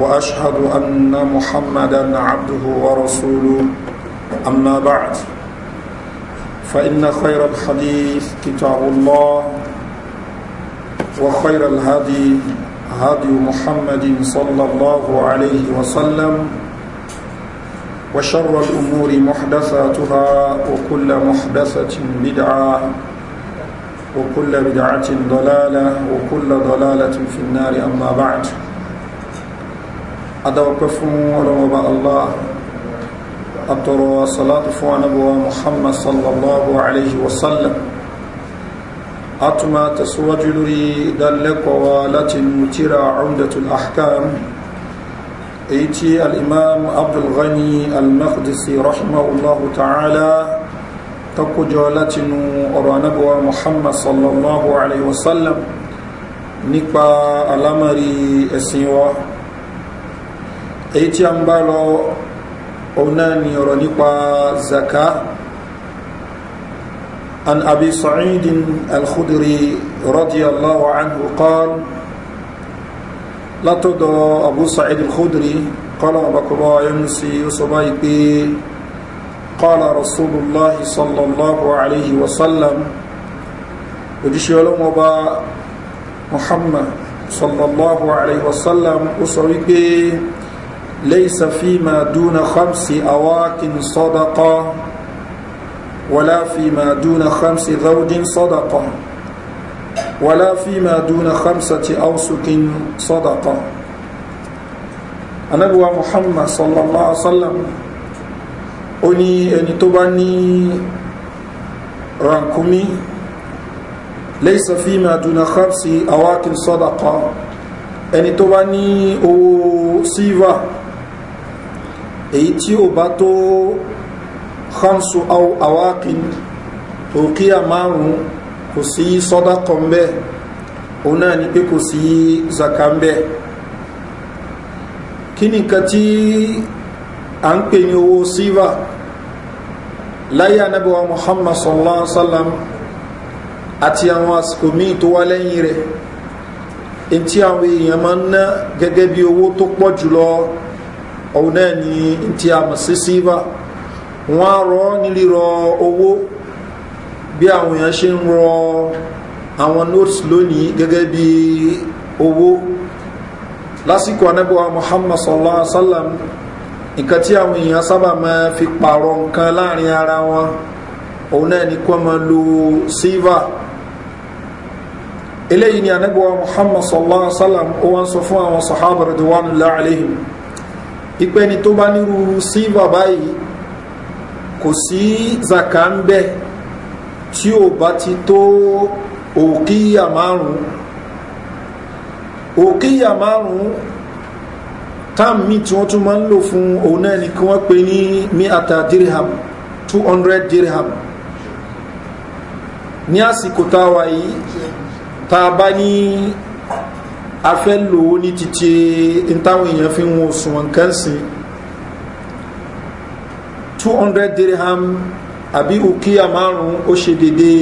واشهد ان محمدا عبده ورسوله اما بعد فان خير الحديث كتاب الله وخير الهدي هدي محمد صلى الله عليه وسلم وشر الامور محدثاتها وكل محدثه بدعه وكل بدعه ضلاله وكل ضلاله في النار اما بعد adawapẹ fún ọlọmọba allah atọrọ salatu fún anabuwa muhammad sallallahu alayhi wa sallam atuma tẹsíwájú lórí ìdánilẹ́kọ̀ọ́wa láti inú tíra umdatul ahkam èyí tí al'imam abdulghani al-makhdisi rahimahullahu ta'ala ta kójọ láti inú ọ̀rọ̀ anabuwa muhammad sallallahu alayhi wa nípa alamari ẹ̀sìn èyí tí a ń bá lọ òun náà ni ọ̀rọ̀ nípa zaka an abi sa'idin al-khudri radiyallahu anhu qala látọ̀dọ̀ abu sa'id al-khudri qala ọbakọba yọmísí ọsọba ìpé qala rasulullah sallallahu alayhi wa sallam òjíṣẹ́ ọlọ́mọba muhammad sallallahu alayhi wa sallam ó sọ wípé ليس فيما دون خمس أواك صدقة ولا فيما دون خمس ذود صدقة ولا فيما دون خمسة أوسك صدقة النبي محمد صلى الله عليه وسلم أني أني تبني رانكمي ليس فيما دون خمس أواك صدقة أني تبني أو سيفا èyí tí ó bá tó khamsu awaqin òkíyà márùn kò sí sọ́dá kan bẹ́ẹ̀ òun náà ni pé kò sí zaka ń bẹ́ẹ̀ kí ni nǹkan tí à ń pè ní owó sílva láyé anábíwá muhammad sallallahu alaihi wa sallam àti àwọn àsìkò míì tó wá lẹ́yìn rẹ̀ èyí tí àwọn èèyàn máa ń ná gẹ́gẹ́ bí owó tó pọ̀ jùlọ òun náà ni tí a mọ̀ sí sílva wọ́n á rọ ní rírọ owó bí àwọn èèyàn ṣe ń rọ àwọn notes lónìí gẹ́gẹ́ bí owó lásìkò anábíwá muhammad sallallahu alaihi wa sallam nǹkan tí àwọn èèyàn sábà máa fi pààrọ̀ nǹkan láàrin ara wọn òun náà ni kó máa lo sílva eléyìí ni anábíwá muhammad sallallahu alaihi wa sallam ó wá ń sọ fún àwọn sahaba rẹ̀ dùwánu láàlẹ́yìn ìpẹ́ni tó bá nírú sílvà báyìí kò sí zaka ń bẹ́ tí ò bá ti tó òkíyà márùn-ún márùn-ún táàmì tí wọ́n tún máa ń lò fún òun náà ni kí wọ́n pe ní miata dirham 200 dirham ní àsìkò táwa yìí tá a bá ní a fẹ́ lò ó ní títí fi ń wọn òṣùwọ̀n two hundred dirham àbí ukiya márùn ó ṣe dédé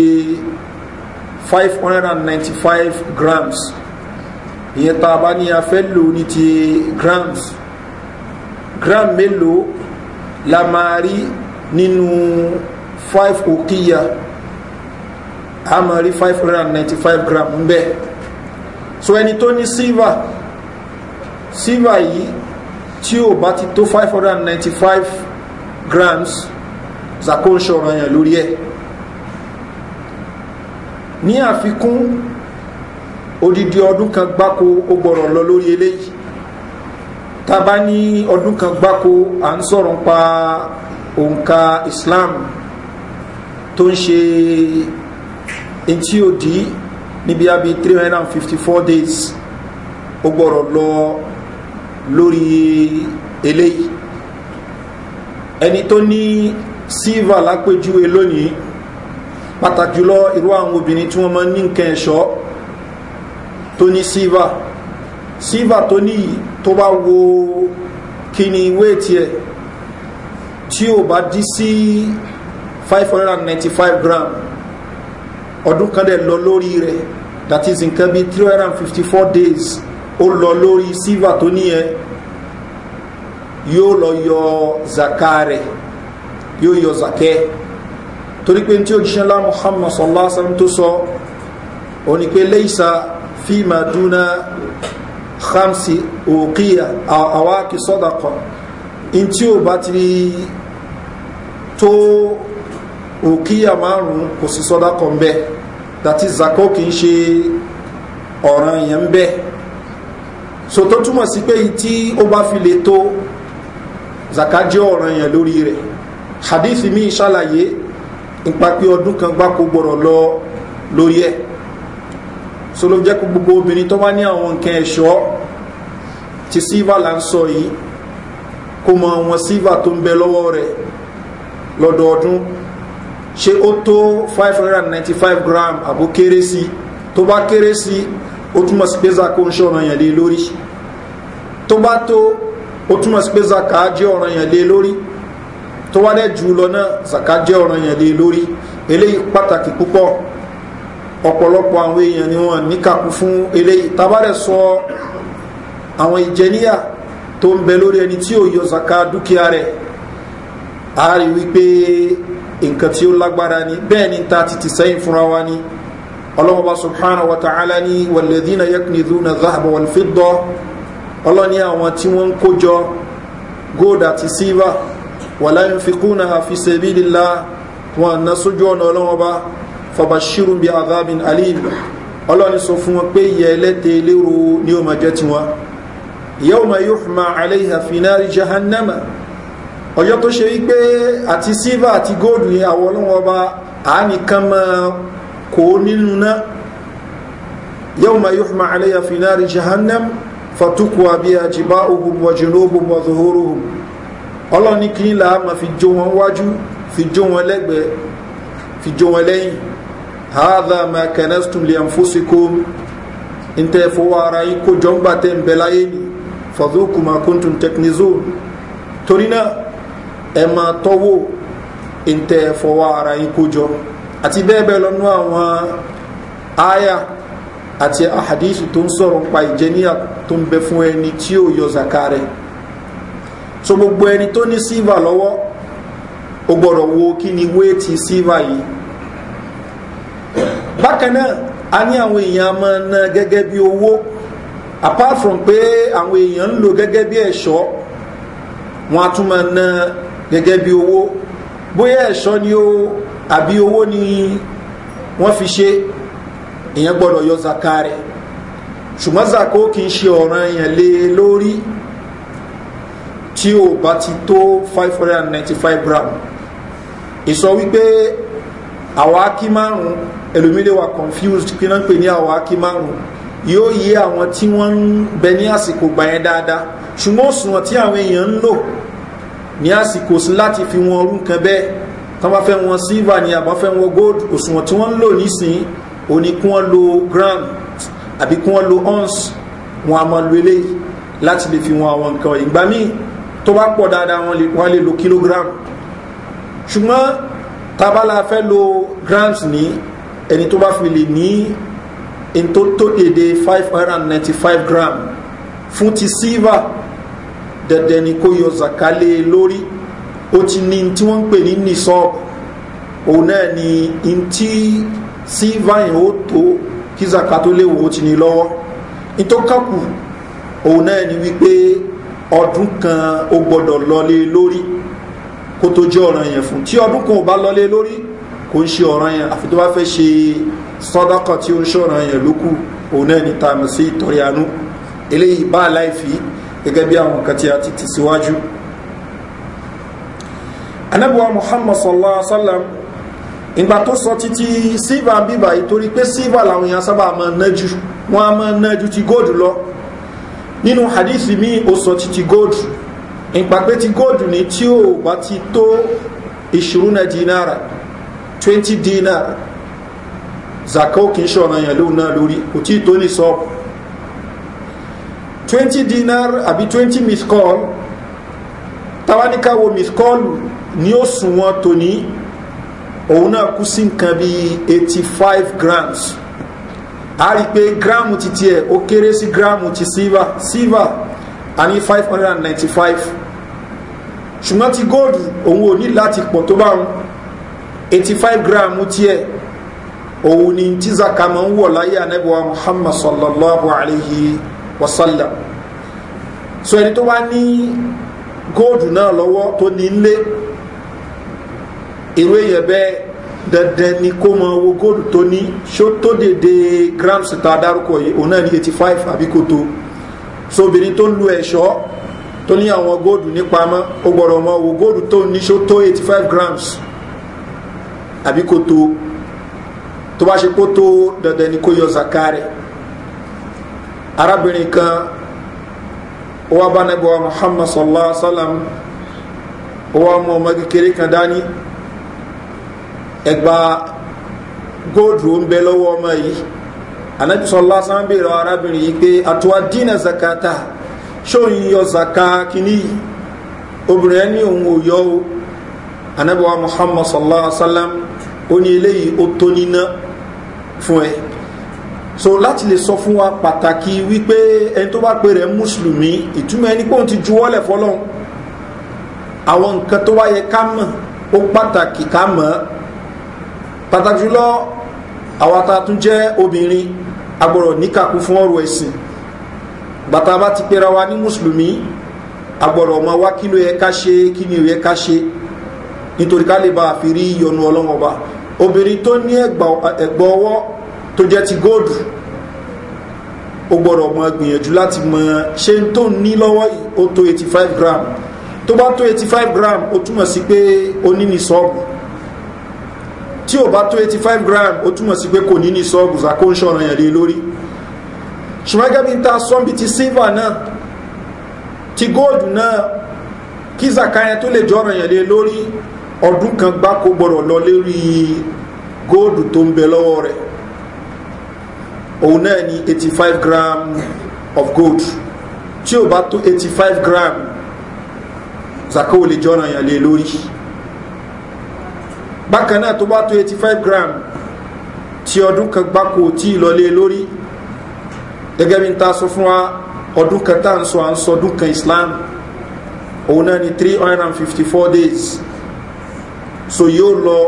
five hundred and ninety five grams ìyẹn tá a bá ní a fẹ́ grams gram melo la máa rí five ukiya a five hundred and ninety five gram ń so ẹni tó ní silver silver yìí tí ò bá ti tó five hundred and ninety five grams zako ń ṣọ̀rọ̀ yàn lórí ẹ̀ ní àfikún odidi ọdún kan gbáko ó gbọ́rọ̀ lọ lórí eléyìí tàbá ní ọdún kan gbáko à ń sọ̀rọ̀ pa òǹkà Islam tó ń ṣe etí òdì níbi àbí 354 days ó gbọ́rọ̀ lọ lórí eléyìí ẹni tó ní sílvà lápéjúwe lónìí pàtàkì jùlọ irú àwọn obìnrin tí wọ́n mọ́ ní nǹkan ẹ̀ṣọ́ tó ní sílvà sílvà tó ní tó bá wo kí ni wéètì ẹ̀ tí ò bá dí sí 595 grams ọdún kan dẹ̀ lọ lórí rẹ̀ that is nǹkan bíi three hundred and fifty four days ó lọ lórí silver tó níyẹn yóò lọ yọ zaka rẹ̀ yóò yọ zakẹ́ torí pé tí òjíṣẹ́ ńlá muhammad sallallahu alaihi wa sallam tó sọ òní pé leisa fíìmà dúnà khamsi òkìyà àwákì sọ́dàkọ̀ in tí ó bá ti tó òkìyà márùn kò sí sọ́dàkọ̀ ń that is zakó kì í ṣe ọ̀ràn yẹn ń bẹ́ẹ̀ so tó túmọ̀ sí pé tí ó bá fi lè tó zaka jẹ́ ọ̀ràn yẹn lórí rẹ̀ hadithi mi ṣàlàyé nípa pé ọdún kan gbáko gbọ́dọ̀ lọ lórí ẹ̀ so ló jẹ́ kó gbogbo obìnrin tó bá ní àwọn nǹkan ẹ̀ṣọ́ ti sílva là ń sọ yìí kó mọ àwọn sílva tó ń bẹ lọ́wọ́ rẹ̀ lọ́dọọdún ṣe ó tó 595 gram àbó kéré sí tó bá kéré sí ó túmọ̀ sí pé zaka ń ṣe ọ̀ràn yẹn lé lórí tó bá tó ó túmọ̀ sí pé zaka jẹ́ ọ̀ràn yẹn lé lórí tó wá dẹ̀ jù lọ náà zaka jẹ́ ọ̀ràn yẹn lé lórí eléyìí pàtàkì púpọ̀ ọ̀pọ̀lọpọ̀ àwọn èèyàn ni wọ́n níkàkú fún eléyìí tabarẹ̀ sọ àwọn ìjẹníyà tó ń bẹ lórí ẹni tí ò yọ zaka dúkìá rẹ̀ a rí nǹkan tí ó lágbára ni bẹ́ẹ̀ ni ta ti ti sẹ́yìn fúnra wa ni ọlọ́mọba subhana wa ta'ala ni wàlẹ́dínà yẹ́kùnìdúnà záàbà wàlfíìdọ́ ọlọ́ni àwọn tí wọ́n ń kójọ gold àti silver wàláyìn fikúnà àfi sẹ́bílìlá wọn na sójú ọ̀nà ọlọ́mọba fabashirun bi azabin alim ọlọ́ni sọ fún wọn pé ìyẹ́ ẹlẹ́tẹ̀ lérò ní ọmọ jẹ́ tiwọn yẹ́wọ̀n yóò fún ma aláìhàfinà rí jahannama ọjọ́ tó ṣe wípé àti silver àti gold yẹn àwọn ọlọ́wọ́n ọba àánìkan máa kó nínú náà yawma yuhma alayya fi nari jahannam fatukwa biha jiba'uhum wa junubuhum wa zuhuruhum ọlọ́ni kí ní là máa fi jó wọn wájú fi jó wọn lẹ́gbẹ̀ẹ́ fi jó wọn lẹ́yìn hadha ma kanastum li anfusikum ntẹ fowó ara yín kó jọ ń gbà tẹ́ ń bẹ láyé ni fadhuku ma kuntum taknizun torí náà ẹ máa tọ́wọ́ ìtẹ́ ara yín ati àti bẹ́ẹ̀ bẹ́ẹ̀ àwọn aya ati ahadisi tó ń sọ̀rọ̀ pa ìjẹníyà tó ń bẹ fún ẹni tí o yọ zaka so gbogbo ẹni tó ní silva lọ́wọ́ o gbọ́dọ̀ wo kí ni ti silva yìí bákan náà a ní àwọn èèyàn máa ná gẹ́gẹ́ bí owó apart from pé àwọn èèyàn ń lò gẹ́gẹ́ bí ẹ̀ṣọ́ wọn a tún máa ná gẹ́gẹ́ bí owó bóyá ẹ̀ṣọ́ ni ó àbí owó ni wọ́n fi ṣe èèyàn gbọ́dọ̀ yọ zaka rẹ̀ ṣùgbọ́n zaka ó kì í ṣe ọ̀ràn èèyàn lé lórí tí ó bá ti tó five hundred ninety five gram ìsọ wípé àwọn akí márùn ẹlòmílẹ̀ wa confused kí náà ń pè ní àwọn akí márùn yóò yé àwọn tí wọ́n ń bẹ ní àsìkò gbà yẹn dáadáa ṣùgbọ́n òṣùwọ̀n tí àwọn èèyàn ń lò ní àsìkò sí láti fi wọn orú nǹkan bẹ́ẹ̀ tán bá fẹ́ wọn silver ni àbá fẹ́ wọn gold òṣùwọ̀n tí wọ́n ń lò nísìn òní kí wọ́n lo gram àbí kí wọ́n lo ounce wọn a máa lo eléyìí láti lè fi wọn àwọn nǹkan ìgbà míì tó bá pọ̀ dáadáa wọ́n lè lo kilogram ṣùgbọ́n tabala fẹ́ lo grams ní ẹni tó bá fi lè ní in tó tó èdè five hundred and ninety five gram fún ti silver dandan ni kó yọ zakale lórí ó ti ní tí wọ́n ń pè ní nisọ́ọ̀bù òun náà ni ntí sílvain ó tó kí zaka tó léwu ó ti ní lọ́wọ́ ìtọ́kàkù òun náà ni wípé ọdún kan ó gbọ́dọ̀ lọlé e lórí kó tó jẹ́ ọ̀ràn yẹn fún tí ọdún kan ò bá lọlé e lórí kò ń ṣe ọ̀ràn yẹn àfi tó bá fẹ́ ṣe sọ́dọ́kọ̀ tí ó ń ṣọ̀ràn yẹn lókù òun náà ni tàmí sí ìtọ́rẹ́ àánú eléyìí bá láì fi gẹ́gẹ́ bí àwọn nǹkan tí ti tẹ̀síwájú anábíwá muhammad sallallahu alaihi wasallam ìgbà tó sọ títí sílva bíbà ìtorí pé sílva làwọn èèyàn sábà máa nájú wọn a máa nájú ti góòdù lọ nínú hadithi mi ó sọ títí góòdù ìgbà pé ti góòdù ni tí ó bá ti tó ìṣirúnà dinara 20 dinar zakao kì í ṣọ̀ràn yẹn lóun náà lórí kò tí tó ní sọ́ọ̀pù twenty dinar àbí twenty miscall tawanikawo miscall ní òṣùwọ̀n tòní òun náà kú sí nǹkan bíi eighty five grams a rí i pé gíráàmù ti tiẹ̀ ó kéré sí gíráàmù ti silver silver a ní five hundred and ninety five ṣùgbọ́n ti góòdù òun ò ní láti pọ̀ tó bá wọn eighty five gíráàmù tiẹ̀ òun ni tí zakama ń wọ̀ láyé anábíwá muhammad sallallahu alayhi wa sallam wasallam so ẹni tó wá ní góòdù náà lọ́wọ́ tó ní ilé irú èèyàn bẹ́ẹ̀ dandan ni kó mọ owó góòlù tó ní ṣó tó dèdè grams tá a dárúkọ yìí òun náà ní eighty five àbí kò tó so obìnrin tó ń lu ẹ̀ṣọ́ tó ní àwọn góòdù ní pamọ́ ó gbọ́dọ̀ mọ owó góòlù tó ní ṣó tó eighty five grams àbí kò tó tó bá ṣe kó tó dandan ni kó yọ zakari arábìnrin kan ó wá bá nẹ́bọ̀ muhammad sallallahu alaihi wa sallam ó wá mú ọmọ kékeré kan dání ẹgbà góòdù ń bẹ lọ́wọ́ ọmọ yìí anabi sallallahu alaihi wa sallam béèrè arábìnrin yìí pé àtúwà dínà zakata ṣóyìn yọ zaka kìíní obìnrin ẹni òun ò yọ o anabi muhammad sallallahu alaihi wa ó ní eléyìí ó tó níná fún ẹ so láti lè sọ fún wa pàtàkì wípé ẹni tó bá pe rẹ̀ mùsùlùmí ìtumọ̀ ẹni pé òun ti juwọ́lẹ̀ fọlọ́n àwọn nǹkan tó wáyé ká mọ̀ ó pàtàkì ká mọ̀ pàtàkì jùlọ àwọn ata tún jẹ́ obìnrin agbọ̀rọ̀ níkàkú fún ọrọ̀ ẹ̀sìn bàtà bá ti pera wa ní mùsùlùmí agbọ̀rọ̀ ọmọ wa kí ló yẹ ká ṣe kí ni ò yẹ ká ṣe nítorí ká lè bá àfi rí ìyọnu ọlọ́wọ́ba obìnrin tó ní ẹ̀gbọ́ ọwọ́ tó jẹ́ ti góòdù ó gbọ́dọ̀ mọ gbìyànjú láti mọ ṣe ń tó ní lọ́wọ́ ó tó 85 gram tó bá tó 85 gram ó túmọ̀ sí pé ó ní ní sọ́ọ̀bù tí ò bá tó 85 gram ó túmọ̀ sí pé kò ní ní sọ́ọ̀bù zako ń ṣọ̀ràn yẹn lé lórí ṣùgbọ́n gẹ́gẹ́ bí ta ti silver náà ti góòdù náà kí zaka yẹn tó lè jọ̀ràn yẹn òun náà ni eighty five gram of gold tí o bá tó eighty five gram zaka ò lè jọ́nà yàn lé lórí bákan náà tó bá tó eighty five gram tí ọdún kan gbáko tí ìlọlé lórí gẹ́gẹ́ bí n ta sọ fún wa ọdún kan tá à ń sọ à ń sọ ọdún kan islam òun náà ni three hundred and fifty four days so yóò lọ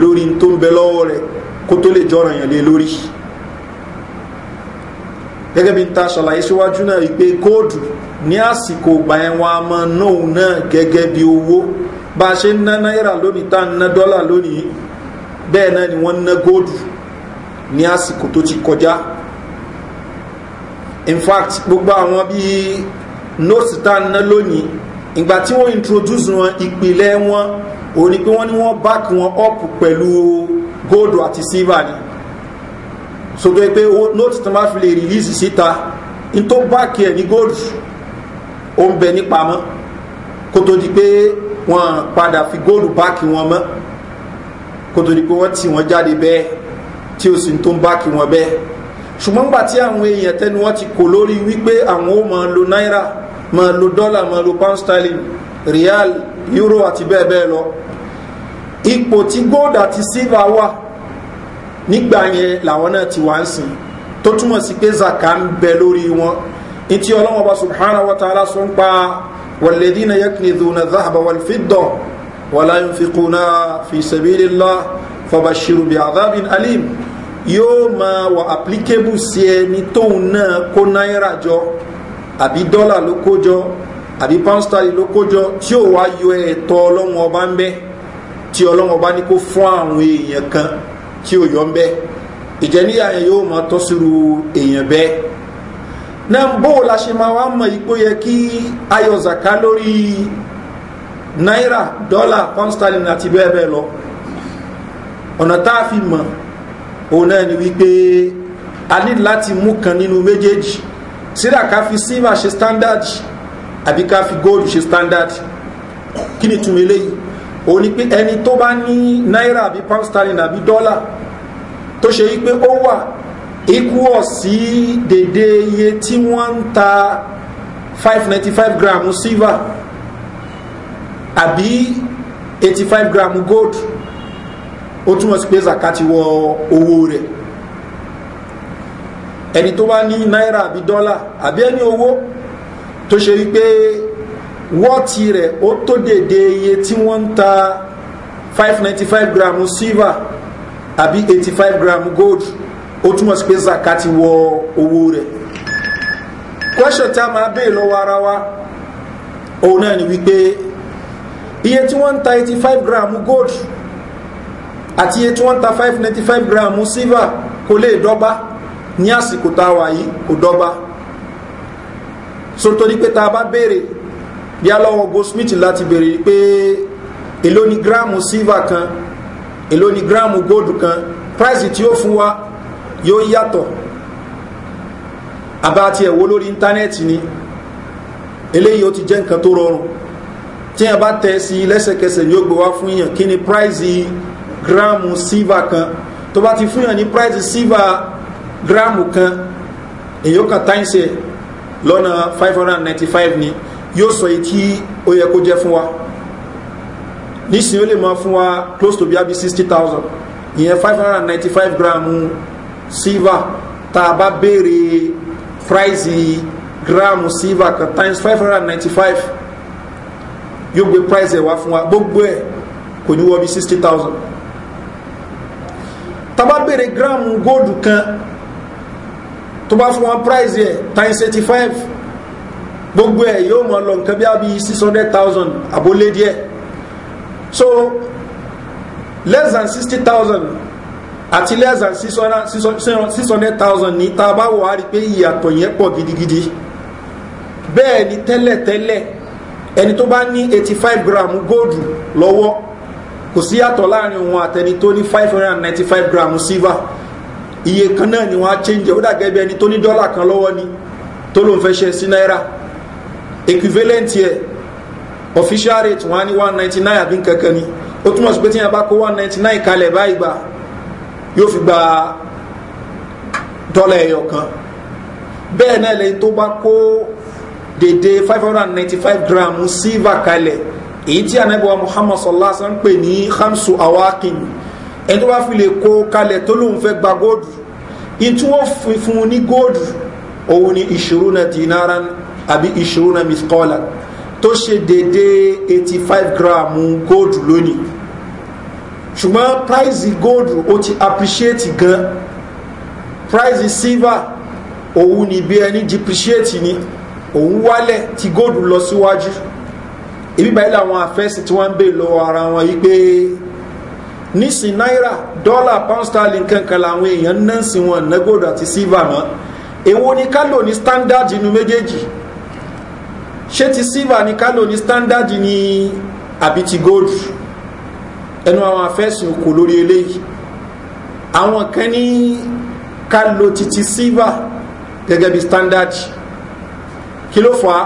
lórí n tó ń bẹ lọ́wọ́ rẹ̀ kó tó lè jọ́ràn yàn lé lórí gẹ́gẹ́ bí n ta ṣàlàyé síwájú náà wípé kóòdù ní àsìkò ìgbà yẹn wọn a máa ná òun náà gẹ́gẹ́ bí owó bá a ṣe ń ná náírà lónìí tá ń ná dọ́là lónìí bẹ́ẹ̀ náà ni wọ́n ń ná góòdù ní àsìkò tó ti kọjá in fact gbogbo àwọn bíi nóòsì tá à ń ná lónìí ìgbà tí wọ́n introduce wọn ìpìlẹ̀ wọn òní pé wọ́n ní wọ́n back wọn up pẹ̀lú góòdù àti silver ni sọtọ́ pé nóòtù tó máa fi lè rìlíìsì síta n tó báàkì ẹ̀ ní gold ó ń bẹ ní pamọ́ kó tó di pé wọ́n padà fi gold báàkì wọn mọ́ kó tó di pé wọ́n tì wọ́n jáde bẹ́ẹ̀ tí ó sì ń tó ń báàkì wọn bẹ́ẹ̀ ṣùgbọ́n gbà tí àwọn èèyàn tẹ́nu wọn ti kò lórí wípé àwọn ó máa lo náírà máa lo dọ́là máa lo pound sterling real euro àti bẹ́ẹ̀ bẹ́ẹ̀ lọ ipò tí gold àti silver wà nígbà yẹn làwọn náà ti wá ń sìn tó túmọ̀ sí pé zaka ń bẹ lórí wọn ntí ọlọ́wọ́n bá subhanahu wa ta'ala sọ ń pa wàlẹ́dínà yẹ́kìnìdùnà záhàbà wàlfíìdọ̀ wàlá yóò fi kùnà fi sẹ́bílì lọ fọbàṣírù bí adábìn alim yóò máa wà applicable sí ẹni tóun náà kó náírà jọ àbí dọ́là ló kó jọ àbí pánstálì ló kó jọ tí ó wá yọ ẹ̀tọ́ ọlọ́wọ́n ọba ń bẹ́ tí ọlọ́wọ́n ọba ní kó fún àwọn èèyàn kan tí ó yọ ń bẹ́ ìjẹníyà yẹn yóò máa tọ́ sírú èèyàn bẹ́ẹ̀ náà bó la ṣe máa wá mọ̀ ipò yẹ kí ayọ̀ zaka lórí náírà dọ́là pọ́nstálìn àti bẹ́ẹ̀ bẹ́ẹ̀ lọ ọ̀nà tá a fi mọ̀ òun náà ni wípé a ní láti mú kan nínú méjèèjì síra ká fi silver ṣe standard àbí ká fi gold ṣe standard kí ni túnmọ̀ eléyìí òun ni pé ẹni tó bá ní náírà àbí pound sterling àbí dọ́là tó ṣe wípé ó wà equal sí dédé iye tí wọ́n ń ta five ninety five gram silver àbí eighty five gram gold ó túmọ̀ sí pé zakati wọ owó rẹ̀ ẹni tó bá ní náírà àbí dọ́là àbí ẹni owó tó ṣe wípé wọ́ọ̀tì rẹ̀ ó tó dédé iye tí wọ́n ń ta five ninety five gram silver àbí eighty five gram gold ó túmọ̀ sí pé zaka ti wọ owó rẹ̀ question tá a máa béè lọ́wọ́ ara wa òun náà ni wípé iye tí wọ́n ń ta eighty five gram gold àti iye tí wọ́n ń ta five ninety five gram silver kò lè dọ́gba ní àsìkò tá a wà yìí kò dọ́gba so torí pé tá a bá béèrè bí alọ́wọ́ goldsmith láti béèrè pé èló ni gíráàmù silver kan èló ni gíráàmù gold kan price tí ó fún wa yóò yàtọ̀ àbá tí ẹ̀wọ́ lórí íńtánẹ́ẹ̀tì ni eléyìí ó ti jẹ́ nǹkan tó rọrùn tí ẹ bá tẹ sí lẹ́sẹ̀kẹsẹ̀ ni ó gbé wá fún yàn kí ni price gíráàmù silver kan tó bá ti fún yàn ní price silver gíráàmù kan èyí ó kàn táyìnsẹ̀ lọ́nà five hundred and ninety five ni yóò sọ èyí tí ó yẹ kó jẹ́ fún wa nísìnyí ó lè máa fún wa close to bíi sixty thousand ìyẹn five hundred and ninety five gram silver tá a bá béèrè price gram silver kan times five hundred and ninety five yóò gbé price ẹ̀ wá fún wa gbogbo ẹ̀ kò ní wọ bíi sixty thousand tá a bá béèrè gram góòdù kan tó bá fún wa price ẹ̀ times eighty five gbogbo ẹ̀ yóò mọ̀ lọ nǹkan bí a bí six hundred thousand àbólé díẹ̀ so less than sixty thousand àti less than six hundred thousand ní tá a bá wọ̀ á rí i pé ìyàtọ̀ yẹn pọ̀ gidigidi bẹ́ẹ̀ ni tẹ́lẹ̀tẹ́lẹ̀ ẹni tó bá ní eighty five gram gold lọ́wọ́ kò sí yàtọ̀ láàrin òun àtẹni tó ní five hundred and ninety five gram silver iye kan náà ni wọ́n á change ó dàgẹ́ bí ẹni tó ní dọ́là kan lọ́wọ́ ni tó ló ń fẹ́ ṣe sí náírà equivalent yẹ official rate wọn á ní one ninety nine àbí kankan ni ó túmọ̀ sí pé tí yẹn bá kó one ninety nine kalẹ̀ báyìí gbà yóò fi gba dọ́là ẹyọ kan bẹ́ẹ̀ náà lẹ́yìn tó bá kó dèdè five hundred and ninety five gram silver kalẹ̀ èyí tí anabiwa muhammad sallallahu alaihi wa sallam pè ní hamsu awakin ẹni tó bá fi lè kó kalẹ̀ tó lóun fẹ́ gba góòdù ìtú wọn ní góòdù òun ni ìṣòro náà dinaran àbí ìṣòro mìskọ́là tó ṣe dédé 85 gíráàmù góòdù lónìí ṣùgbọ́n price góòdù ó ti appreciate gan price silver òun ni bí ẹni depreciate ni òun wálẹ̀ tí góòdù lọ síwájú ibi báyìí làwọn àfẹ́sì tí wọ́n ń bèèrè lọ́wọ́ ara wọn yí pé nísìn náírà dọ́là pound sterling kankan làwọn èèyàn náà sí wọn ná góòdù àti silver mọ́ èwo ni ká lò ní standard inú méjèèjì ṣé ti silver ni ká ni ní standard ni àbí ti gold ẹnu àwọn afẹ́sùn kò lórí eléyìí àwọn kan ní ká lò ti ti silver gẹ́gẹ́ bí standard kí ló fà á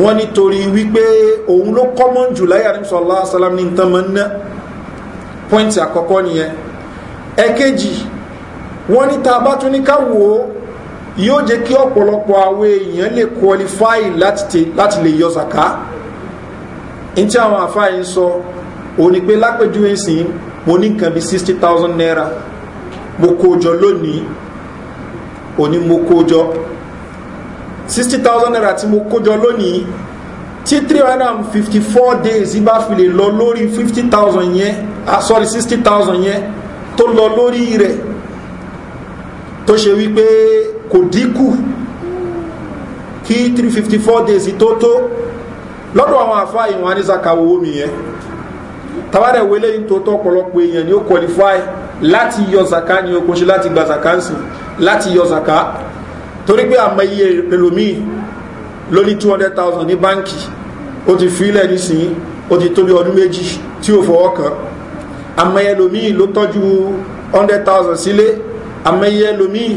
wọ́n nítorí wípé òun ló kọ́mọ́ jù láyà ní sọ́lá sálám ní nǹkan mọ́ ná pọ́ìntì àkọ́kọ́ nìyẹn ẹ̀kejì wọ́n ní ta bá tún ní ká wò ó yóò jẹ́ kí ọ̀pọ̀lọpọ̀ àwọn èèyàn lè qualify láti lè yọ zaka in tí àwọn àfáà ń sọ òní pé lápẹjúwe sí mo ní nǹkan bí sixty thousand naira mo kó jọ lónìí òní mo kó jọ sixty thousand naira tí mo kó jọ lónìí tí three hundred and fifty four days bá fi lè lọ lórí fifty thousand yẹn ah sorry sixty thousand yẹn tó lọ lórí rẹ̀ tó ṣe wípé kò dínkù kí 354 days tó tó lọ́dọ̀ àwọn àfá ìwọ̀n anísàkà owó mi yẹn tàbádẹ̀ wọlé yìí tó tọ́ ọ̀pọ̀lọpọ̀ èèyàn ni ó qualify láti yọ zaka ni o kò ṣe láti gba zaka ń sìn láti yọ zaka torí pé àmọ́ iye ẹlòmíì ló ní 200,000 ní báńkì ó ti fílẹ̀ nísìnyí ó ti tóbi ọdún méjì tí ó fọwọ́ kan àmọ́ ẹlòmíì ló tọ́jú 100,000 sílé àmọ́ iye ẹlòmíì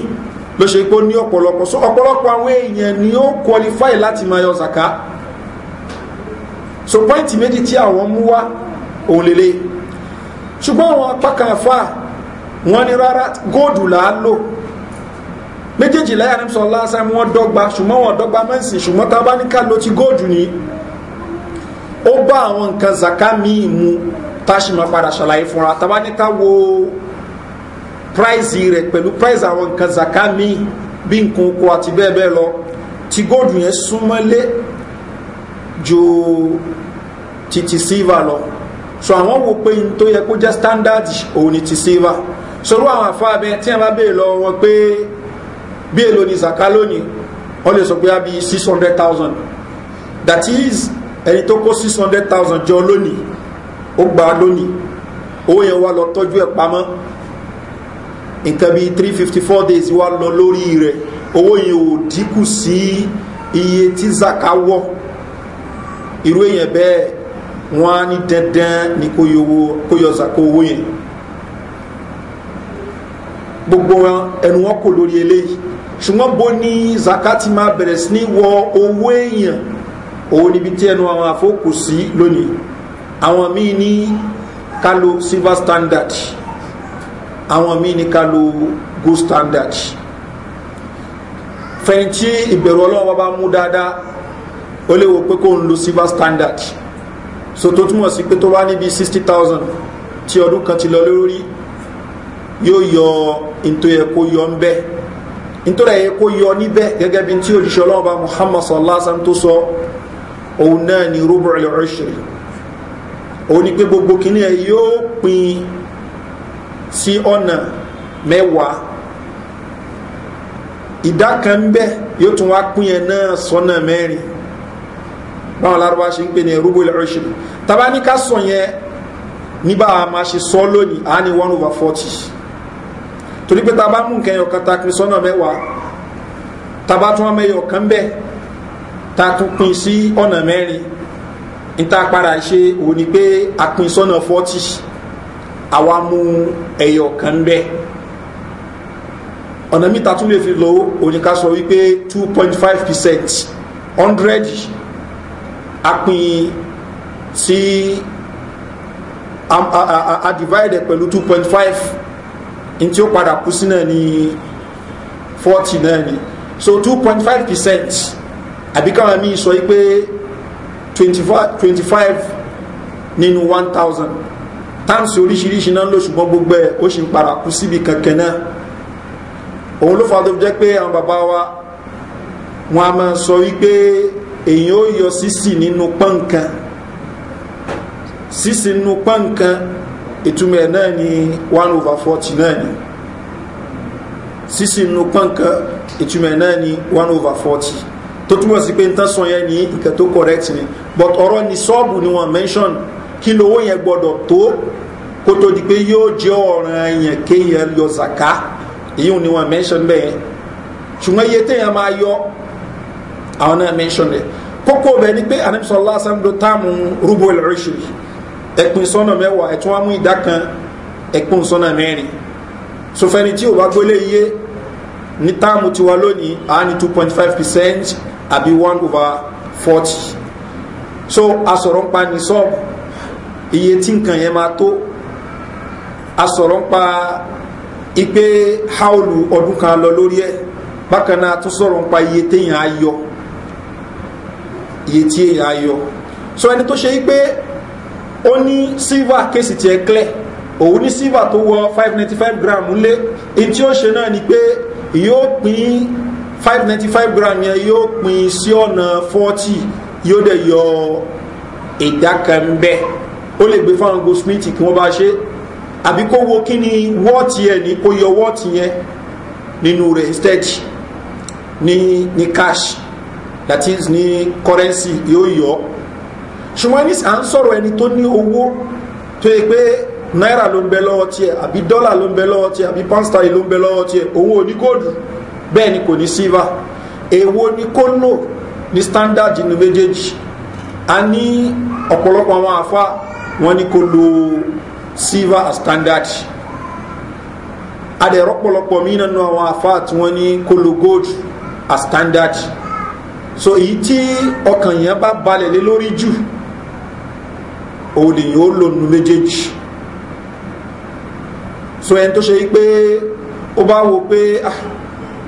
ló ṣe pé ní ọ̀pọ̀lọpọ̀ so ọ̀pọ̀lọpọ̀ àwọn èèyàn ni ó qualify láti máa yọ zaka so pọ́ìntì méjì tí àwọn mú wá òun lélẹ̀ ṣùgbọ́n àwọn apákan àfa wọn ni rárá góòdù là á lò méjèèjì láyà ní sọ lásán wọn dọ́gba ṣùgbọ́n wọn dọ́gba mẹ́sìn ṣùgbọ́n tá a bá ní ká lo ti góòdù ni ó bá àwọn nǹkan zaka míì mu tá a sì máa padà ṣàlàyé fúnra tá a bá ní ká wo price rẹ̀ pẹ̀lú price àwọn nǹkan zaka míì bí nǹkan oko àti bẹ́ẹ̀ bẹ́ẹ̀ lọ ti góòdù yẹn súnmọ́lé ju titi silver lọ so àwọn wo pé n tó yẹ kó jẹ́ standard òun ni ti silver sọ̀rọ̀ àwọn àfáà tí wọ́n bá béèrè lọ wọn pé bí èlò ni zaka lónìí wọ́n lè sọ pé àbí six hundred thousand that is ẹni tó kó six hundred thousand jọ lónìí ó gbà lónìí owó yẹn wà lọ tọ́jú ẹ̀ pamọ́ nǹkan bíi three fifty four days wá lọ lórí rẹ̀ owó yẹn ò dínkù sí iye tí zaka wọ́ irú èèyàn bẹ́ẹ̀ wọ́n á ní dandan ni kó yọ zaka owó yẹn gbogbo wọn ẹnu wọn kò lórí eléyìí ṣùgbọ́n bó ní zaka ti máa bẹ̀rẹ̀ sí ní wọ owó èèyàn òun níbi tí ẹnu àwọn àfọkù sí lónìí àwọn míì ní ká silver standard àwọn míì ní ká lo gold standard fẹ̀yìntì ìbẹ̀rù ọlọ́wọ́ bá mú dáadáa ó léwo pé kó ń lo silver standard so tó túmọ̀ sí pé tó wá níbi sixty thousand tí ọdún kan ti lọ lórí yóò yọ ntòyẹ kó yọ ń bẹ́ẹ̀ nítorí ẹ̀yẹ kó yọ níbẹ̀ gẹ́gẹ́ bí tí òjíṣẹ́ ọlọ́run bá muhammad sallasam tó sọ òun náà ni rúbọ̀rẹ̀ ọ̀ṣẹ̀rẹ̀ òun ni pé gbogbo kìíní yóò pin sí ọ̀nà mẹ́wàá ida kan ń bẹ́ yóò tún wá pín yẹn náà sọ́nà mẹ́rin báwọn lárúbá ṣe ń pè ní rúbò ilẹ̀ ọ̀ṣẹ̀ tàbá ní ká sọ yẹn níbà a máa ṣe sọ lónìí a ní one over forty torí pé tàbá mú nǹkan ẹ̀yọ̀kan ta pín sọ́nà mẹ́wàá tàbá tún wá mẹ́yọ̀kan bẹ́ẹ̀ ta tún pín sí ọ̀nà mẹ́rin níta padà ṣe òun ni pé a pín sọ́nà forty àwa mú ẹyọ kan bẹ́ ọ̀nà mítà tún lè fi lo oníká sọ wípé 2.5 percent 100 apin sí a divide pẹ̀lú 2.5 in tí ó padà kú sí náà ní 40 náà ni so 2.5 percent àbíkáwọn míì sọ wípé 25 nínú thousand táǹsì oríṣiríṣi náà ló ṣùgbọ́n gbogbo ẹ̀ ó sì ń para kú síbi kankan náà òun ló fà tó jẹ́ pé àwọn bàbá wa wọn a máa sọ wípé èyàn ó yọ sísì nínú pọ́nkan sísì nínú pọ́nkan ìtumọ̀ ẹ̀ náà ni one over forty náà ni sísì nínú pọ́nkan ìtumọ̀ ẹ̀ náà ni one over forty tó túmọ̀ sí pé ń tán sọ yẹn ní nǹkan tó correct ni but ọ̀rọ̀ ni sọ́ọ̀bù ni wọ́n mention kí lowó yẹn gbọ́dọ̀ tó kó tó di pé yóò jẹ́ ọ̀ràn yẹn kéèyàn yọ zaka èyí ni wọ́n mention bẹ́ẹ̀ ṣùgbọ́n iye téèyàn máa yọ àwọn náà mention rẹ̀ kókó bẹ́ẹ̀ ni pé anamisọ́lá sàmdó táàmù rúbọ̀ ìlọ́rẹ́sìrì ẹ̀pin sọ́nà mẹ́wàá ẹ̀tún amú ìdá kan ẹ̀pin sọ́nà mẹ́rin sọfẹ́ni tí ò bá gbélé iye ní táàmù tiwa lónìí a ní 2.5 percent àbí one over forty so asọ̀rọ̀ ń pa ní sọ́ọ̀bù iye tí nǹkan yẹn máa tó a sọ̀rọ̀ ń pa ipe haulu ọdún kan lọ lórí ẹ̀ bákan náà tó sọ̀rọ̀ ń pa iye téèyàn á iye tí èèyàn á yọ so ẹni tó ṣe yí pé ó ní silver kéèsì tiẹ̀ clear òun ní silver tó wọ five ninety five gram lé etí ó ṣe náà ni pé yóò pín five ninety five gram yẹn yóò pín sí ọ̀nà forty yóò dẹ̀ yọ ìdá kan bẹ́ẹ̀ ó lè gbé fáwọn goldsmith kí wọ́n bá ṣe àbí kó wo kí ni wọ́ọ̀tì ẹ̀ ní kó yọ wọ́ọ̀tì yẹn nínú rẹ̀ instead ní ní cash that is ní currency yóò yọ ṣùgbọ́n ní à ń sọ̀rọ̀ ẹni tó ní owó tó yẹ pé náírà ló ń bẹ lọ́wọ́ tiẹ̀ àbí dọ́là ló ń bẹ lọ́wọ́ tiẹ̀ àbí pound sterling ló ń bẹ lọ́wọ́ tiẹ̀ òun ò ní góòdù bẹ́ẹ̀ ni kò ní silver èwo ni kó lò ní standard ní méjèèjì a ní ọ̀pọ̀lọpọ̀ àwọn àfa Wani ní siva lo silver as standard adẹ̀ rọ́pọ̀lọpọ̀ míì nínú àwọn afá tí wọ́n ní gold as standard so èyí tí ọkàn yẹn bá balẹ̀ lé lórí jù òun lèyìn ó lò méjèèjì so ẹni tó ṣe pé ó bá wo pé ah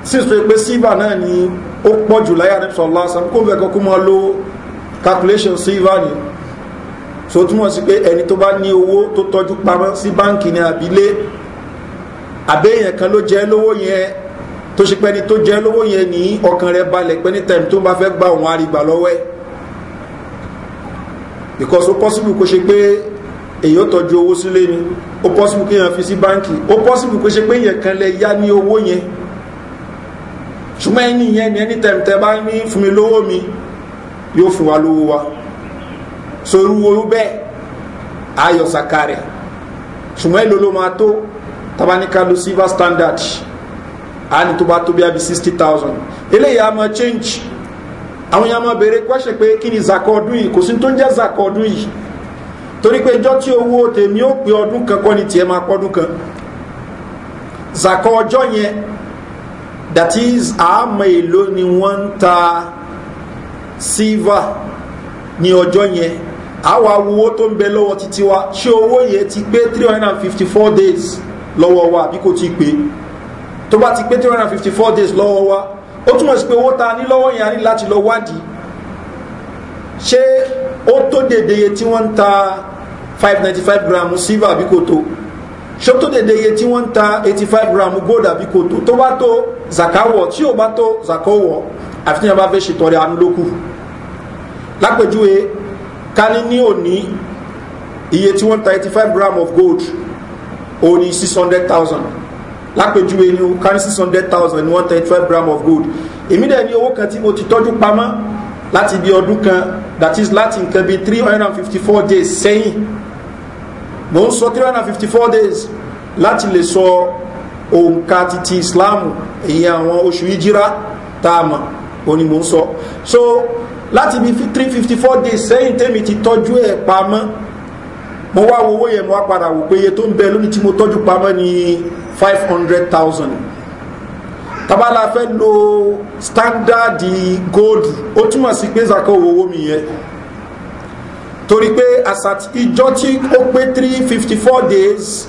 sísọ pé silver náà ni ó pọ̀ jù láyà nípa sọ̀lá sàn kó bẹ̀ kọ́kọ́ máa lo calculation silver ni so túmọ̀ sí pé ẹni tó bá ní owó tó tọ́jú pamọ́ sí báǹkì ní abilé àbẹ́yẹn kan ló jẹ́ lówó yẹn tó ṣe pẹ́ni tó jẹ́ lówó yẹn ní ọkàn rẹ̀ balẹ̀ pẹ́ni tẹ̀mí tó bá fẹ́ gba òun àrígbà lọ́wọ́ ẹ̀ because ó possible kó ṣe pé èyí ó tọ́jú owó sílé ni ó possible kí èèyàn fi sí báǹkì ó possible kó ṣe pé èèyàn kan lẹ yá ní owó yẹn ṣùgbọ́n ẹni yẹn ni anytime tẹ bá ní fún mi lówó mi yóò fún wa lówó wa so irú wo bẹ́ẹ̀ ayọ̀ saka rẹ̀ ṣùgbọ́n èlò ló máa tó tabanika lu silver standard a ni tó bá tó bí sixty thousand eléyìí a ma change àwọn yàrá máa béèrè kwẹ́sẹ̀ pé kí ni zakọ ọdún yìí kò sí tó ń jẹ́ zakọ ọdún torí pé ìjọ tí owó tèmi ó pé ọdún kan kọ́ ni tiẹ̀ máa pọ́dún kan zakọ ọjọ́ yẹn that is àmọ́ èlò ni wọ́n ń ta silver ní ọjọ́ yẹn àwọn awowó tó ń bẹ lọ́wọ́ títí wa ṣé owó yẹn ti pé three hundred and fifty four days lọ́wọ́ wa àbí kò tí pé tó bá ti pé three hundred and fifty four days lọ́wọ́ wa ó túmọ̀ sí pé owó ta ní lọ́wọ́ yẹn a ní láti lọ wádìí ṣé ó tó dèdèye tí wọ́n ń ta five ninety five gram silver àbí kò tó ṣé ó tó dèdèye tí wọ́n ń ta eighty five gram gold àbí kò tó tó bá tó zakawọ̀ tí ò bá tó zakawọ̀ àfi tí wọ́n bá fẹ́ ṣètọ́rẹ́ àánú lókù lápèjúwe kání ní òní iye tí wọ́n ta five gram of gold òun ni six hundred thousand lápèjúwe ni o kání six hundred thousand ni wọ́n ta five gram of gold èmi dẹ̀ ní owó kan tí mo ti tọ́jú pamọ́ láti bí ọdún kan that is láti nǹkan bíi three hundred and fifty four days sẹ́yìn mo ń sọ three hundred and fifty four days láti lè sọ òǹkà titi islam èyí àwọn oṣù ìjírá tá a mọ̀ òní mo ń sọ so láti bí three fifty four days sẹ́yìn tẹ́mi ti tọ́jú ẹ̀ pamọ́ mo wá wo owó yẹn mo wá padà wò pé iye tó ń bẹ lónìí tí mo tọ́jú pamọ́ ní five hundred thousand tabala fẹ́ lo standard gold ó túmọ̀ sí pé zakọ́ owó mi yẹn torí pé àsàtì ìjọ tí ó pé three fifty four days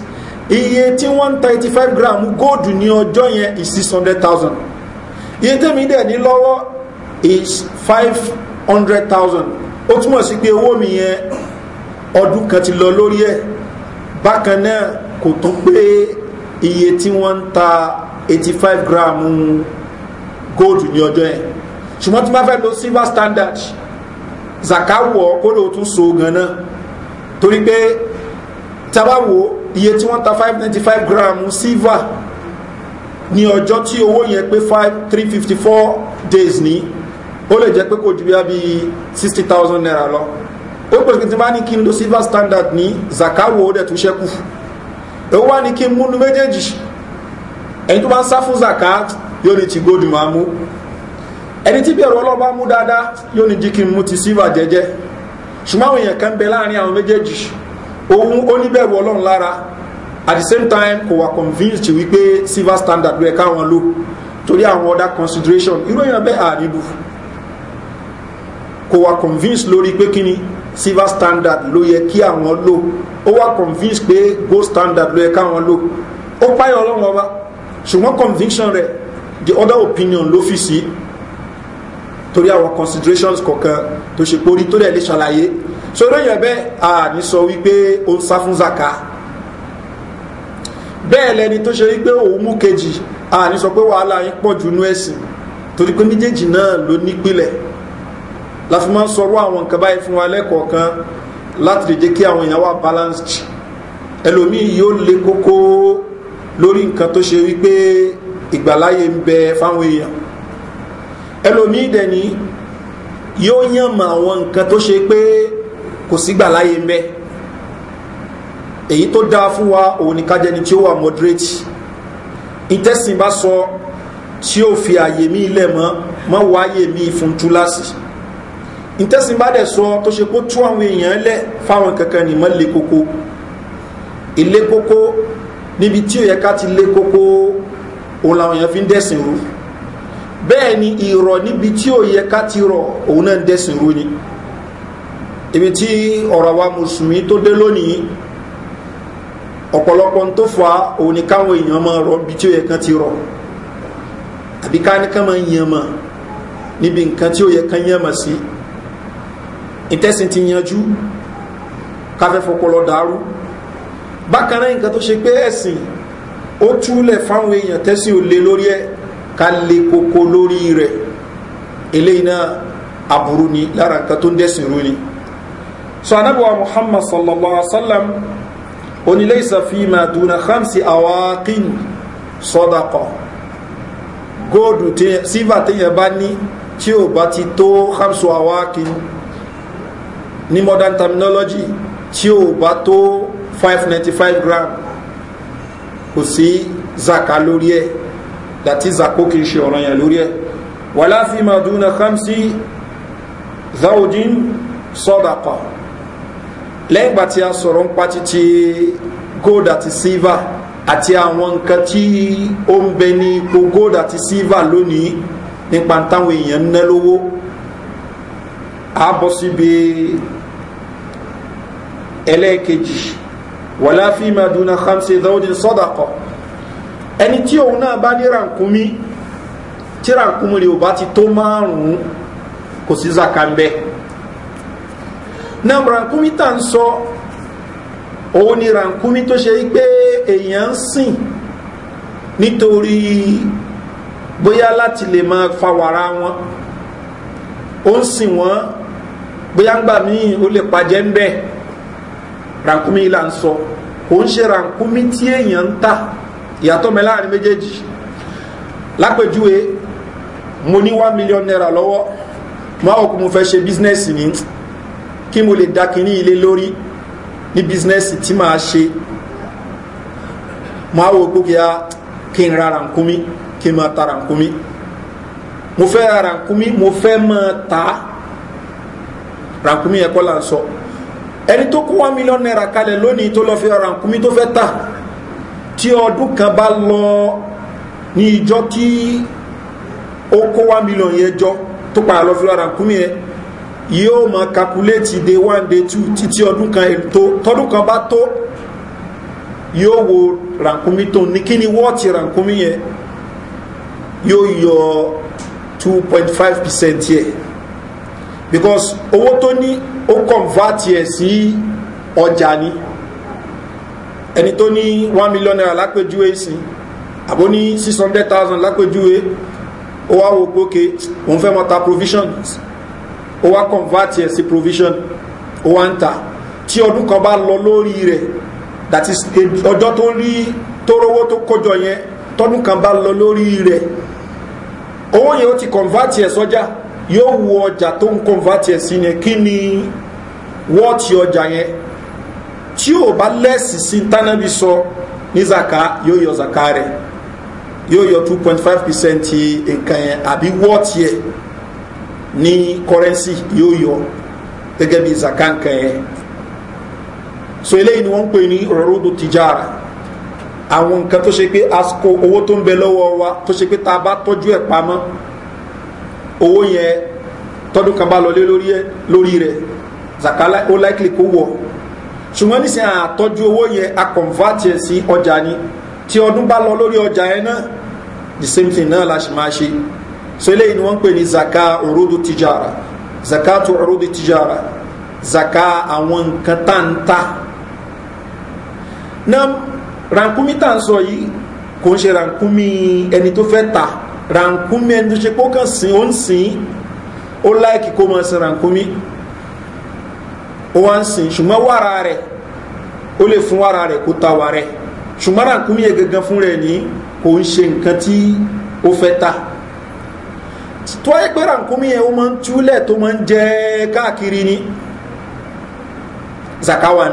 iye tí one thirty five gram gold ní ọjọ́ yẹn is six hundred thousand iye tẹ́mi dẹ̀ ní lọ́wọ́ is five hundred thousand ó túmọ̀ sí pé owó mi yẹn ọdún kan ti lọ lórí ẹ̀ bákan náà kò tó pé iye tí wọ́n ń ta eighty five gram gold ní ọjọ́ yẹn ṣùgbọ́n tí wọ́n fẹ́ lo silver standard zakawọ̀ kódò tún so gan náà torí pé tabawo iye tí wọ́n ta five ninety five gram silver ní ọjọ́ tí owó yẹn pé five three fifty four days ní ó lè jẹ́ pé kò ju bí i sixty thousand naira lọ ó pèsè kí n ti bá ní kí n lo silver standard ní zakawo ó dẹ̀ tún ṣẹ́kù ó wá ní kí n múnú méjèèjì ẹni tó bá ń sá fún zakat yóò ní ti góòdù máa mú ẹni tí bẹ̀rù ọlọ́ba mú dáadáa yóò ní jí kí n mú ti silver jẹjẹ ṣùgbọ́n àwọn èèyàn kan bẹ láàrin àwọn méjèèjì òun ó ní bẹ̀rù ọlọ́run lára at the same time kò wà convinced wípé silver standard ló ẹ̀ káwọn lò torí àwọn other consideration irú èèyàn bẹ́ẹ̀ àdídù kò wá convince lórí pé kí ni silver standard ló yẹ kí àwọn lò ó wá convince pé gold standard ló yẹ káwọn lò ó páyọ̀ ọlọ́run ọba ṣùgbọ́n conviction rẹ̀ the other opinion ló fi sí torí àwọn considerations kọ̀ọ̀kan tó ṣe pé orí tó dẹ̀ lè ṣàlàyé so lóyìn ẹ̀bẹ́ àní sọ wípé ó ń sá fún zaka bẹ́ẹ̀ lẹni tó ṣe wípé òun mú kejì àní sọ pé wàhálà yín pọ̀ nú ẹ̀sìn torí pé méjèèjì náà ló nípìnlẹ̀ láti máa ń sọ̀rọ̀ àwọn nǹkan báyìí fún wa lẹ́kọ̀ọ̀kan láti lè jẹ́ kí àwọn èèyàn wà balanced ẹlòmíì yóò le koko, lórí nǹkan tó ṣe wípé ìgbàláyé ń bẹ fáwọn èèyàn ẹlòmíì dẹ̀ ní yóò yànmọ̀ àwọn nǹkan tó ṣe pé kò sígbàláyé ń bẹ èyí tó dáa fún wa òun ni ká jẹni tí ó wà moderate ìtẹ́sìn bá sọ tí ó fi àyè mí ilẹ̀ mọ́ mọ́ wáyé mí fún túláàsì ìtẹ́sìn bá dẹ̀ sọ tó ṣe kó tú àwọn èèyàn lẹ̀ fáwọn kankan ní mọ́ lé koko ilé koko níbi tí ó yẹ ká ti lé koko òun làwọn èèyàn fi ń dẹ̀sìn rú bẹ́ẹ̀ ni ìrọ̀ níbi tí ó yẹ ká ti rọ̀ òun náà ń dẹ̀sìn rú ni ibi tí ọ̀rọ̀ wa mùsùlùmí tó dé lónìí ọ̀pọ̀lọpọ̀ tó fa òun ni káwọn èèyàn máa rọ̀ níbi tí ó yẹ kán ti rọ̀ àbí ká ní ká máa yẹn mọ̀ níbi nǹkan tí ó yẹ kán yẹn mọ̀ sí. Si ìtẹ́sìn ti yanjú káfẹ́ fọpọlọ dàrú bákan náà nǹkan tó ṣe pé ẹ̀sìn ó túlẹ̀ fáwọn èèyàn tẹ́sìn ò lé lórí ẹ̀ ká lè koko lórí rẹ̀ eléyìí náà aburú ni lára nǹkan tó ń dẹ́sìn rú ni so anábọ̀wá muhammad sallallahu alaihi wa sallam onílé ìsàfihàn maduna khamsi awaqin sadaqa góòdù sílvà téèyàn bá ní tí ò bá ti tó khamsu awaqin ní modern terminology tí ò bá tó five ninety five gram kò sí zaka lórí ẹ̀ dàtí zako kì í ṣe ọ̀ràn yẹn lórí ẹ̀ wàlá fi máa dúnà khamsi zawjin sadaqa lẹ́yìn ìgbà tí a sọ̀rọ̀ ń pa títí gold àti silver àti àwọn nǹkan tí ó ń bẹ ní ipò gold àti silver lónìí nípa táwọn èèyàn ń ná lówó a bọ́ síbi ẹlẹ́ẹ̀kejì wàlá fi máa dùn náà hamsi zawjin sadaqa ẹni tí òun náà bá ní rànkúmí tí rànkúmí rẹ̀ ò bá ti tó márùn-ún kò sí zaka ń bẹ́ẹ̀ náà rànkúmí tà ń sọ òun ni rànkúmí tó ṣe pé èèyàn ń sìn nítorí bóyá láti lè máa fa wàrà wọn ó ń sìn wọn bóyá ń gbà míì ó lè pàjẹ́ ń bẹ́ẹ̀ ràkúnmí là ń sọ kò ń ṣe ràkúnmí tí èèyàn ń tà ìyàtọ̀ mẹ́ láàrin méjèèjì lápèjúwe mo ní one million naira lọ́wọ́ mo á wọ̀ pé mo fẹ́ ṣe bísínẹ́sì ní kí mo lè da kínní ilé lórí ní bísínẹ́sì tí màá ṣe mo á wọ̀ pé kí n ra ràkúnmí kí n máa ta ràkúnmí mo fẹ́ ra ràkúnmí mo fẹ́ máa ta rànkúmí yẹn kọ́ là ń sọ ẹni tó kó one million naira kalẹ̀ lónìí tó lọ fi rànkúmí tó fẹ́ tà tí ọdún kan bá lọ ní ìjọ tí ó kó one million yẹn jọ tó pa lọ fi rànkúmí yẹn yóò mọ kakuléètì day one day two títí ọdún kan tó tọdún kan bá tó yóò wo rànkúmí tó ní kí ni wọ́ọ̀tì rànkúmí yóò yọ two point five percent yẹn because owó tó ní ó convert ẹ̀ sí ọjà ni ẹni tó ní one million naira lápèjúwe sí àbó ní six hundred thousand lápèjúwe ó wá wo pókè òun fẹ́ mọ ta provision ó wá convert ẹ̀ sí provision ó wá ń ta tí ọdún kan bá lọ lórí rẹ̀ that is ọjọ́ tó rí tó rówó tó kójọ yẹn tọdún kan bá lọ lórí rẹ̀ owó yẹn ó ti convert ẹ̀ sọ́jà. So yóò wo ọjà tó ń convert ẹ̀ sí ni kí ni wọ́ọ̀tì ọjà yẹn tí ò bá lẹ́sì sí tánàbí sọ ní zaka yóò yọ zaka rẹ̀ yóò yọ two point five percent nǹkan yẹn àbí wọ́ọ̀tì ẹ̀ ní currency yóò yọ gẹ́gẹ́ bí zaka nǹkan yẹn so eléyìí ni wọ́n ń pè ní rọ̀rọ̀dọ̀ tìjára àwọn nǹkan tó ṣe pé àsìkò owó tó ń bẹ lọ́wọ́ wa tó ṣe pé tá a bá tọ́jú ẹ̀ pamọ́ owó yẹn tọdún kan bá lọlé lórí rẹ̀ zakala ó láìkìlì kó wọ̀ ṣùgbọ́n nísìnyí àtọ́jú owó yẹn a convert yẹn sí ọjà ni tí ọdún bá lọ lórí ọjà yẹn náà the same thing náà la ṣe máa ṣe so eléyìí ni wọ́n ń pè ní zaka òrodo tijara zaka tó òrodo tijara zaka àwọn nǹkan tá ń ta náà rankumi tá ń sọ yìí kò ń ṣe rankumi ẹni tó fẹ́ ta rànkúnmí ẹni tó ṣe o kàn sín ó ń sín ó láìkì sin rànkúnmí ó wá ń sín ṣùgbọ́n wàrà rẹ̀ ó lè fún wàrà rẹ̀ kó re wà rẹ̀ ṣùgbọ́n rànkúnmí yẹ gangan fún rẹ̀ ní kò ń ṣe nǹkan tí ó fẹ́ ta tó ayé ni zakawa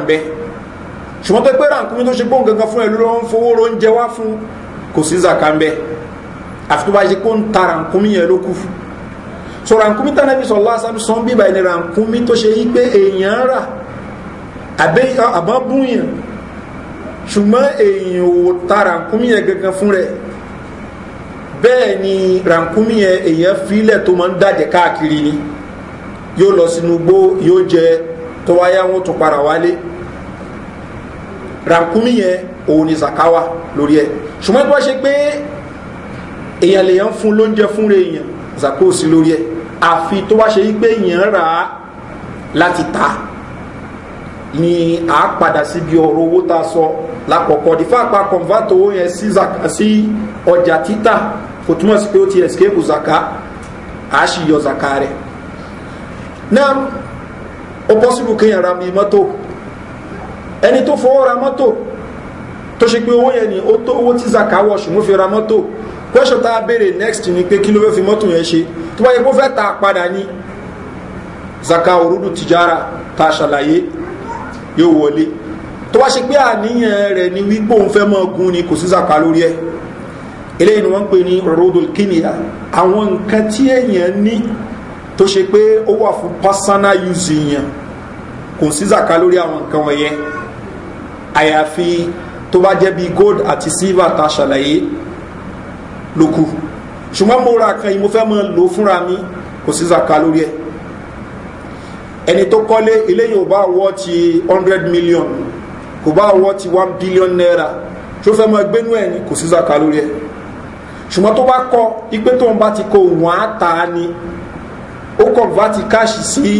àfi tó bá ṣe kó ń ta rànkúmí yẹn ló kù so rànkúmí tánàbí sọ lásán sọ ń bíbà ẹni rànkúmí tó ṣe yí pé èèyàn rà àbá búyàn ṣùgbọ́n èèyàn ò ta rànkúmí yẹn gangan fún rẹ̀ bẹ́ẹ̀ ni rànkúmí yẹn èèyàn filẹ̀ tó máa ń dàjẹ́ káàkiri ni yóò lọ sínú yóò jẹ tó wáyá wọn tó para wálé rànkúmí yẹn òun ni zakawa lórí ẹ ṣùgbọ́n tó wá èèyàn lèèyàn fún lóúnjẹ fúnra èèyàn zakosi lórí ẹ àfi tó bá ṣe yí pé èèyàn rà á láti ta ni à padà síbi ọ̀rọ̀ owó tá a sọ lákọ̀ọ́kọ́ dífá àpá kọ̀ǹfàtò owó yẹn sí ọjà títà kò túmọ̀ sí pé ó ti escape zaka à á sì yọ zaka rẹ̀ náà ó pọ́sibú kéèyàn ra mi mọ́tò ẹni tó fọwọ́ ra mọ́tò tó ṣe pé owó yẹn ni ó tó owó tí zaka wọ̀ ṣùgbọ́n fi ra mọ́tò question tá béèrè next ni pé kí ló fẹ́ fi mọ́tò yẹn ṣe tó bá yẹ kó fẹ́ ta padà ní zaka òrùdù tìjára ta ṣàlàyé yóò wọlé tó wá ṣe pé àníyàn rẹ̀ ni wípé òun fẹ́ mọ́ gun ni kò sí zaka lórí ẹ̀ eléyìí ni wọ́n ń pè ní òrùdù kíníyà àwọn nǹkan tí èèyàn ní tó ṣe pé ó wà fún personal use yẹn kò sí zaka lórí àwọn nǹkan wọ̀nyẹn àyàfi tó bá jẹ́ bí gold àti silver ta ṣàlàyé ló kù ṣùgbọ́n mo ra kan yìí mo fẹ́ mọ lò fúnra mi kò sí zaka lórí ẹ̀ ẹni tó kọ́lé eléyìí ò bá wọ́ ti hundred million kò bá wọ́ ti one billion naira tó fẹ́ mọ gbénú ẹ̀ ni kò sí zaka lórí ẹ̀ ṣùgbọ́n tó bá kọ́ ipé tóun bá ti kó wọ́n á ta ni ó convert cash sí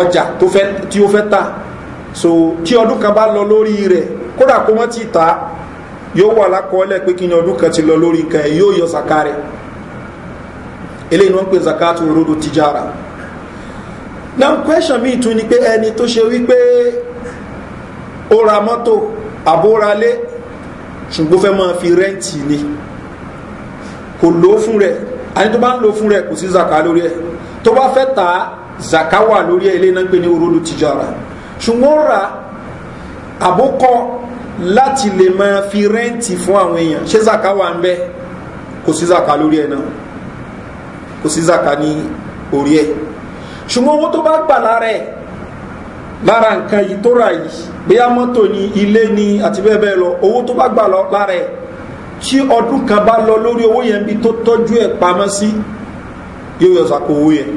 ọjà tí ó fẹ́ ta so tí ọdún kan bá lọ lórí rẹ̀ kódà kó wọ́n ti ta yóò wà lákọọ́lẹ̀ pé kí ni ọdún kan ti lọ lórí nǹkan ẹ̀ yóò yọ zaka rẹ̀ eléyìí wọ́n ń pè zaka tó rodo tijara now question mi tún ni pé ẹni tó ṣe wípé ó ra mọ́tò àbóralé ṣùgbọ́n fẹ́ máa fi rẹ́ǹtì ni kò lò ó fún rẹ̀ àní tó bá ń lò ó fún rẹ̀ kò sí zaka lórí ẹ̀ tó bá fẹ́ ta zaka wà lórí ẹ̀ eléyìí náà pè ní rodo tijara ṣùgbọ́n ra àbókọ́ láti lè máa fi rẹ́ǹtì fún àwọn èèyàn ṣé zaka wà ń bẹ́ kò sí zaka lórí ẹ̀ náà kò sí zaka ní orí ẹ̀ ṣùgbọ́n owó tó bá gbà lára ẹ̀ lára nǹkan yìí tó rà yìí bóyá mọ́tò ni ilé ni àti bẹ́ẹ̀ bẹ́ẹ̀ lọ owó tó bá gbà lára ẹ̀ tí ọdún kan bá lọ lórí owó yẹn bí tó tọ́jú ẹ̀ pamọ́ sí yóò yọ zaka owó yẹn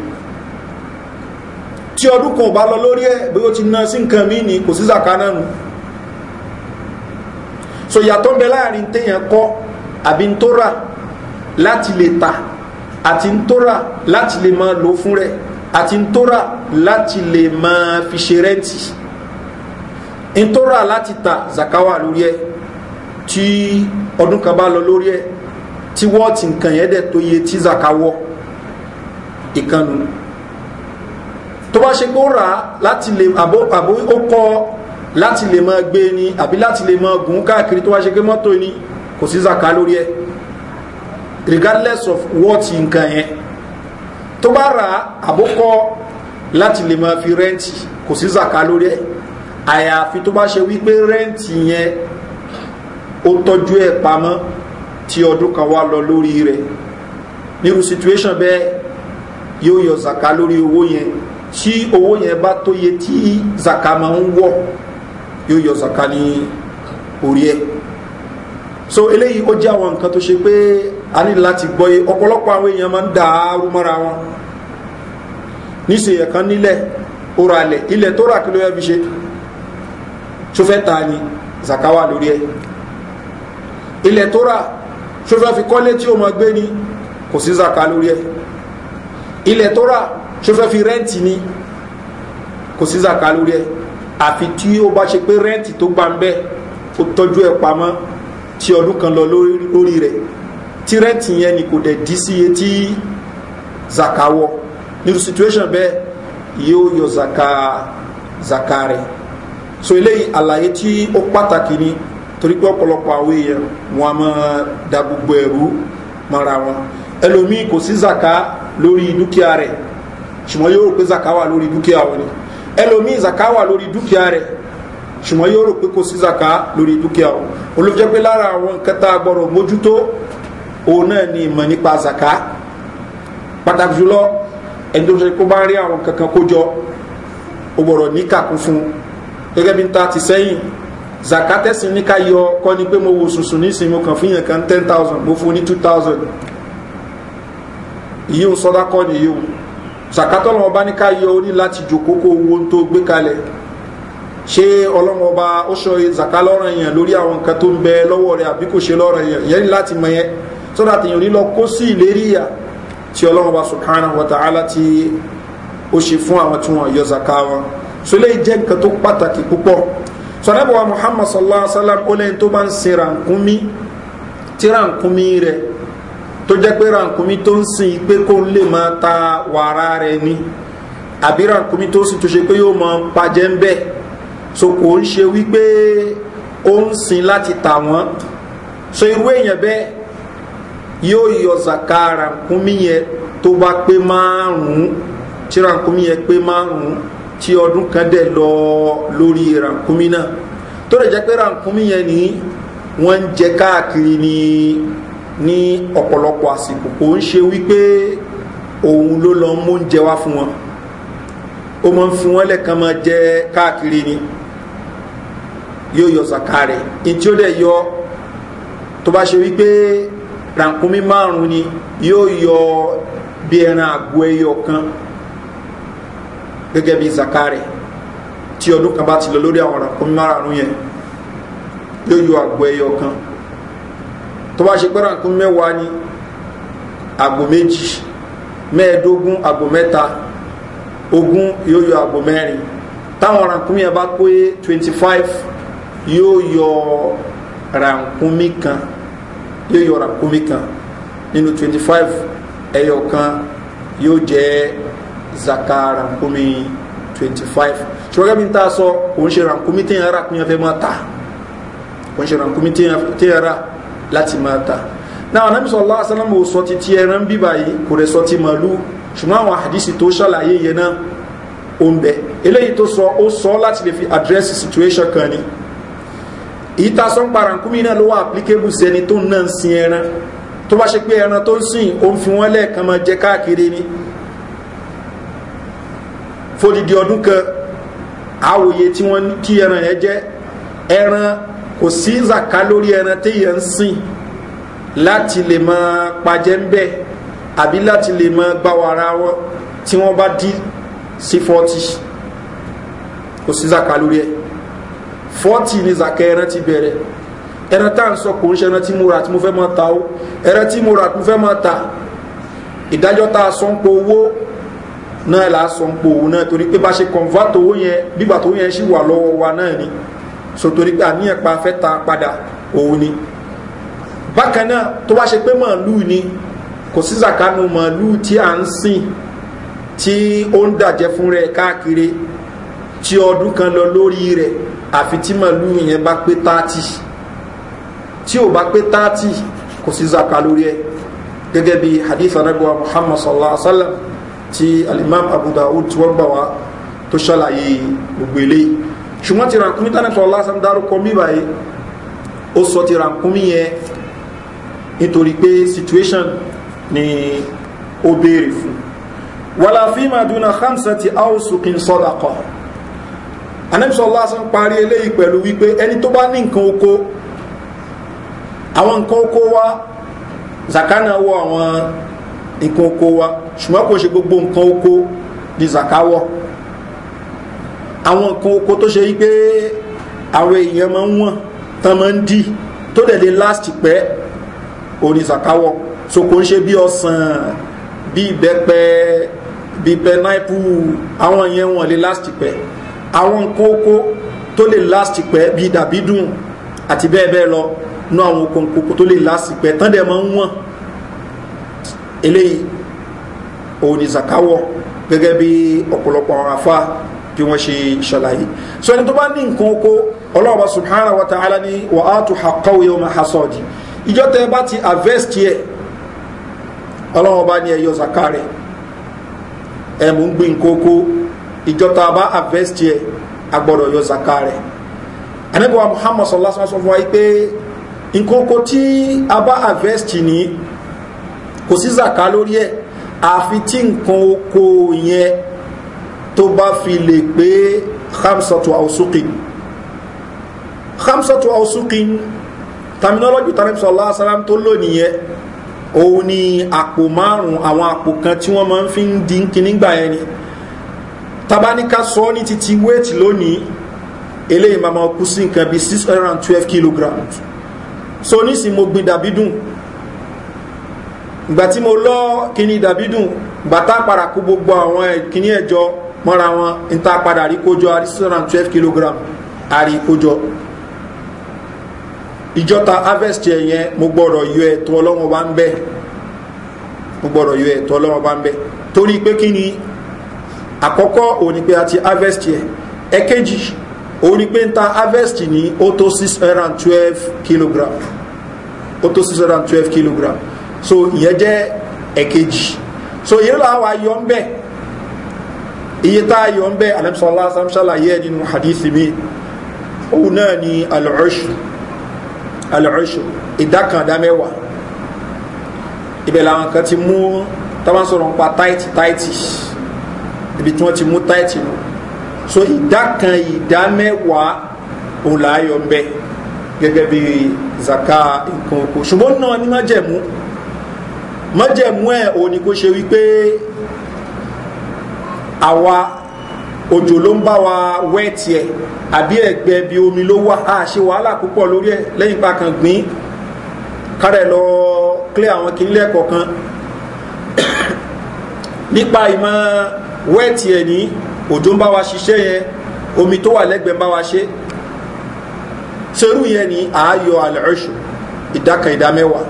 tí ọdún kan ò bá lọ lórí ẹ̀ bóyá ó ti ná sí nǹkan mí ni kò sí zaka náà nù so ìyàtọ̀ ń bẹ láàrin téèyàn kọ́ àbí ń tó rà láti lè ta àti ń tó rà láti lè máa lò fún rẹ̀ àti ń tó rà láti lè máa fi ṣe rẹ́ǹtì ń láti ta zakawa lórí ẹ̀ tí ọdún kan bá lọ lórí ẹ̀ tí wọ́ọ̀tì nǹkan yẹn dẹ̀ tó yẹ tí zakawọ́ ìkànnù tó bá ṣe kó rà láti lè àbó àbó ó kọ́ láti lè máa gbé ni àbí láti lè máa gùn káàkiri tó wá ṣe pé mọ́tò ni kò sí zaka lórí ẹ regardless of what nǹkan yẹn tó bá ra àbókọ́ láti lè máa fi rẹ́ǹtì kò sí zaka lórí ẹ àyàfi tó bá ṣe wípé rẹ́ǹtì yẹn ó tọ́jú ẹ̀ pamọ́ tí ọdún kan wá lọ lórí rẹ̀ nírú situation bẹ́ẹ̀ yóò yọ zaka lórí owó yẹn tí owó yẹn bá tó yẹ tí zaka máa ń wọ̀ yóò yọ zaka ní orí ẹ̀ so eléyìí ó jẹ́ àwọn nǹkan tó ṣe pé a ní láti gbọ́yé ọ̀pọ̀lọpọ̀ àwọn èèyàn máa ń dà áárú mọ́ra wọn níṣẹ́ ẹ̀kan nílẹ̀ ó ra ilẹ̀ tó rà kí ló yẹ fi ṣe tó ta ni zaka wà lórí ẹ̀ ilẹ̀ tó rà tó fi kọ́lé tí ó máa gbé ni kò sí zaka lórí ẹ̀ ilẹ̀ tó rà tó fẹ́ fi rẹ́ǹtì ni kò sí zaka lórí ẹ̀ àfi tí ó bá ṣe pé rẹ́ǹtì tó gbà ń bẹ́ ó tọ́jú ẹ̀ pamọ́ tí ọdún kan lọ lórí rẹ̀ tí rẹ́ǹtì yẹn ni kò dẹ̀ dí sí iye tí zaka wọ nínú situation bẹ́ẹ̀ yóò yọ zaka zaka rẹ̀ so eléyìí àlàyé tí ó pàtàkì ni torí pé ọ̀pọ̀lọpọ̀ àwọn èèyàn wọn a máa da gbogbo ẹ̀rú mọ́ra wọn ẹlòmíì kò sí zaka lórí dúkìá rẹ̀ ṣùgbọ́n yóò rò pé zaka wà lórí dúkìá wọn ni ẹlòmíì zaka wà lórí dúkìá rẹ̀ ṣùgbọ́n yóò rò pé kò sí zaka lórí dúkìá o olùjẹ́ pé lára àwọn nǹkan tá a gbọ́dọ̀ mójútó òun náà ni ìmọ̀ nípa zaka pàtàkì jùlọ ẹni tó ṣe kó bá rí àwọn kankan kó jọ ó gbọ́dọ̀ níkàkún fún gẹ́gẹ́ bí n ta ti sẹ́yìn zaka tẹ́sí ní yọ kọ́ ni pé mo wo sùsùn nísìnyí mo kàn fihàn kan ten thousand mo fún ní two thousand ìyíhùn sọ́dá kọ́ nìyíhùn sàkátọ́ ọlọ́wọ́ bá ní ká yọ orí láti jòkókò owó tó gbé kalẹ̀ ṣé ọlọ́wọ́ bá ó ṣọ zaka lọ́rọ̀ yẹn lórí àwọn nǹkan tó ń bẹ lọ́wọ́ rẹ̀ àbí kò ṣe lọ́rọ̀ yẹn yẹn ní láti mọ yẹn sọ́dọ̀ àtẹ̀yìn orí lọ kó sí ìlérí ìyà tí ọlọ́wọ́ bá subhanahu wa ta'ala ti ó ṣe fún àwọn tí wọ́n yọ zaka wọn so lè jẹ́ nǹkan tó pàtàkì púpọ̀ sọ̀rọ̀ bọ̀ muhammad sallallahu alaihi wa sallam ó lẹ́yìn tó bá ń sin rànkúmí tí rànkúmí rẹ̀ tó jẹ́ pé rànkúmí tó ń sin pé kó lè máa ta wàrà rẹ̀ ni àbí rànkúmí tó sì tó ṣe pé yóò máa pajẹ́ ń bẹ̀ so kò ń ṣe wípé ó ń sin láti tà wọ́n so irú èèyàn bẹ́ẹ̀ yóò yọ zaka rànkúmí yẹn tó bá pé márùn-ún tí rànkúmí yẹn pé márùn-ún tí ọdún kan dẹ̀ lọ lórí rànkúmí náà tó lè jẹ́ pé rànkúmí yẹn ni wọ́n ń jẹ káàkiri ni ní ọ̀pọ̀lọpọ̀ àsìkò kò ń ṣe wípé òun ló lọ mú oúnjẹ wá fún wọn ó máa ń fi wọn lẹ́ẹ̀kan máa jẹ káàkiri ni yóò yọ sàkà rẹ̀ ní tí ó dẹ̀ yọ tó bá ṣe wípé rànkúnmí márùn ni yóò yọ bí ẹran àgbo ẹyọ kan gẹ́gẹ́ bí zaka rẹ̀ tí ọdún kan bá ti lọ lórí àwọn rànkúnmí márùn yẹn yóò yọ àgbo ẹyọ kan tó bá ṣe gbọ́dọ̀ nǹkan mẹ́wàá ni àgbò méjì mẹ́ẹ̀ẹ́dógún àgbò mẹ́ta ogún yóò yọ àgbò mẹ́rin táwọn rànkúnmí ẹ bá pé twenty five yóò yọ rànkúnmí kan yóò yọ rànkúnmí kan nínú twenty five ẹyọ kan yóò jẹ́ zaka rànkúnmí twenty five ṣùgbọ́n gẹ́gẹ́ bí n ta sọ òun ṣe rànkúnmí téèyàn rà kúnyẹ́fẹ́ máa ta òun ṣe rànkúnmí téèyàn rà láti máa ta náà anábì sallallahu alaihi wasallam ò sọ ti ti ẹran bíbà yìí kò rẹ̀ sọ ti màálù ṣùgbọ́n àwọn àdìsí tó ṣàlàyé yẹn náà ó ń bẹ eléyìí tó sọ ó sọ láti lè fi address situation kan ni ìta sọ ń parankumi náà ló wà applicable sẹni tó ń náà sin ẹran tó bá ṣe pé ẹran tó ń sìn ó ń fi wọ́n lẹ́ẹ̀kan máa jẹ káàkiri ni fódìdí ọdún kan àwòye tí ẹran yẹn jẹ ẹran kò sí zaka lórí ẹran téèyàn ń sìn láti lè máa pajẹ́ ń bẹ̀ àbí láti lè máa gbá wàrà wọn tí wọ́n bá dí sí fọ́tì kò sí zaka lórí ẹ fọ́tì ni zaka ẹran ti bẹ̀rẹ̀ ẹran tá à ń sọ kò ń ṣe ẹran tí mo rà tí mo fẹ́ máa ta o ẹran tí mo rà tí mo fẹ́ máa ta ìdájọ́ tá a sọ ń po owó náà là á sọ ń po owó náà torí pé bá ṣe convert owó yẹn bígbà tó yẹn ṣì wà lọ́wọ́ wa náà ni so torí pé àníyàn pa fẹ́ ta padà òun ni bákan náà tó bá ṣe pé màálùú ni kò sí zakanu màálùú tí à ń sìn tí ó ń dàjẹ́ fún rẹ̀ káàkiri tí ọdún kan lọ lórí rẹ̀ àfi tí màálùú yẹn bá pé táàtì tí ò bá pé táàtì kò sí zaka lórí ẹ̀ gẹ́gẹ́ bí hadith anabiwa muhammad sallallahu alaihi wa sallam ti alimam abu dawud tí wọ́n gbà wá tó ṣàlàyé gbogbo eléyìí ṣùgbọ́n ti rànkúmí tánàtọ̀ lásán dárúkọ mí báyìí ó sọ ti rànkúmí yẹn nítorí pé situation ni ó béèrè fún wàlá fíìmà dúnà hamsa ti áwùsùkín sọ́dàkọ̀ anẹ́bísọ̀ lásán parí eléyìí pẹ̀lú wípé ẹni tó bá ní nǹkan oko àwọn nǹkan oko wa zakana wọ àwọn nǹkan oko wa ṣùgbọ́n kò ṣe gbogbo nǹkan oko ni zakawọ́ àwọn nǹkan oko tó ṣe wípé àwọn èèyàn máa ń wọ̀n tán máa ń dí tó dẹ̀ lè last pẹ́ onísàkáwọ̀ so kò ń ṣe bí ọ̀sán bí ìbẹ́pẹ bí pẹnáìpù àwọn yẹn wọ̀n lè last pẹ́ àwọn nǹkan oko tó lè last pẹ́ bí dàbídùn àti bẹ́ẹ̀ bẹ́ẹ̀ lọ nú àwọn oko kòkó tó lè last pẹ́ tán dẹ̀ máa ń wọ̀n eléyìí onísàkáwọ̀ gẹ́gẹ́ bí ọ̀pọ̀lọpọ̀ àwọn afá bí wọ́n ṣe ṣàlàyé so ẹni tó bá ní nǹkan oko ọlọ́ọ̀bá subhana wa ta'ala ni wa á tu haqqahu yawma hasadi ìjọ tẹ bá ti harvest yẹ ọlọ́ọ̀bá ni ẹ̀yọ zaka rẹ̀ ẹ̀ mú gbin nǹkan oko ìjọ tá a bá harvest yẹ agbọ́dọ̀ yọ zaka rẹ̀ ànábì wa muhammad sallallahu alaihi wa sallam fún pé nǹkan oko tí a bá harvest ni kò sí zaka lórí ẹ̀ àfi tí nǹkan oko yẹn tó bá fi lè pé hamsatu ausukin hamsatu ausukin terminology tariq sallallahu alaihi wasallam tó lónìí yẹn òun ni àpò márùn àwọn àpò kan tí wọ́n máa ń fi ń di kíní gbà yẹn ni tabaníka sọ ní títí wéètì lónìí eléyìí máa kú sí nǹkan bíi six hundred and twelve kilograms so nísìn mo gbin dàbí dùn ìgbà tí mo lọ kíní dàbí dùn bàtà parakú gbogbo àwọn kíní ẹ̀jọ́ mọ́ra wọn n ta padà rí kójọ àrí six hundred and twelve kilogram àrí kójọ ìjọta harvest yẹn mo gbọ́dọ̀ yọ ẹ̀tọ́ ọlọ́wọ́n bá ń bẹ́ mo gbọ́dọ̀ yọ ẹ̀tọ́ ọlọ́wọ́n bá ń bẹ́ torí pé kí ni àkọ́kọ́ òun pé a ti harvest yẹn ẹ̀kejì òun pé ń harvest ní ó tó six hundred and twelve kilogram ó tó six hundred and twelve kilogram so ìyẹn jẹ́ ẹ̀kejì so ìyẹn làwọn ayọ̀ ń bẹ́ẹ̀ iye tá a yọ ń bẹ́ alẹ́bísọ́lá sàmṣàlàyé nínú hadithi mi òun náà ni alọ́ṣù alọ́ṣù ìdákàndámẹ́wàá ibẹ̀ làwọn kan ti mú táwọn sọ̀rọ̀ nípa táìtì táìtì ibi tí wọ́n ti mú táìtì nù so ìdákan ìdámẹ́wàá òun là á yọ ń bẹ́ gẹ́gẹ́ bí zaka nǹkan oko ṣùgbọ́n náà ní májẹ̀mú májẹ̀mú ẹ̀ òun ni kò ṣe wípé àwa òjò ló ń bá wa wẹ́ẹ̀tì ẹ̀ àbí ẹ̀gbẹ́ bí omi ló wà á ṣe wàhálà púpọ̀ lórí ẹ̀ lẹ́yìn pa kan gbìn kárẹ̀ lọ clear àwọn kìnìlẹ̀ kọ̀ọ̀kan nípa ìmọ̀ wẹ́ẹ̀tì ẹ̀ ní òjò ń bá wa ṣiṣẹ́ yẹn omi tó wà lẹ́gbẹ̀ẹ́ ń bá wa ṣe serú yẹn ní ààyò àlẹ́ṣù ìdákan ìdámẹ́wàá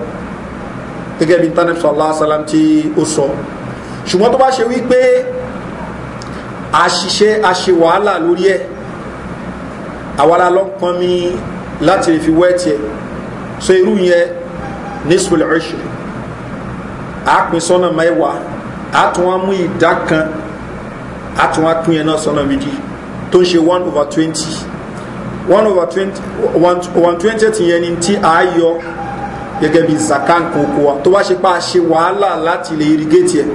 gẹ́gẹ́ bí tánẹ́fù sọ́lá sálám tí ó sọ ṣùgbọ́n tó bá ṣe wípé àṣìṣe àṣe wàhálà lórí ẹ̀ àwàrà lọ́pọ̀ mi láti lè fi wẹ́ tiẹ̀ so irú yẹn nisbul ushri àápin sọ́nà mẹ́wàá àtún wọn mú ìdá kan àtún pín yẹn náà sọ́nà méjì tó ń ṣe one over twenty one over twenty one twenty ti yẹn ni tí a yọ gẹ́gẹ́ bí zaka nǹkan oko wa tó bá ṣe pa ṣe wàhálà láti lè irigéètì ẹ̀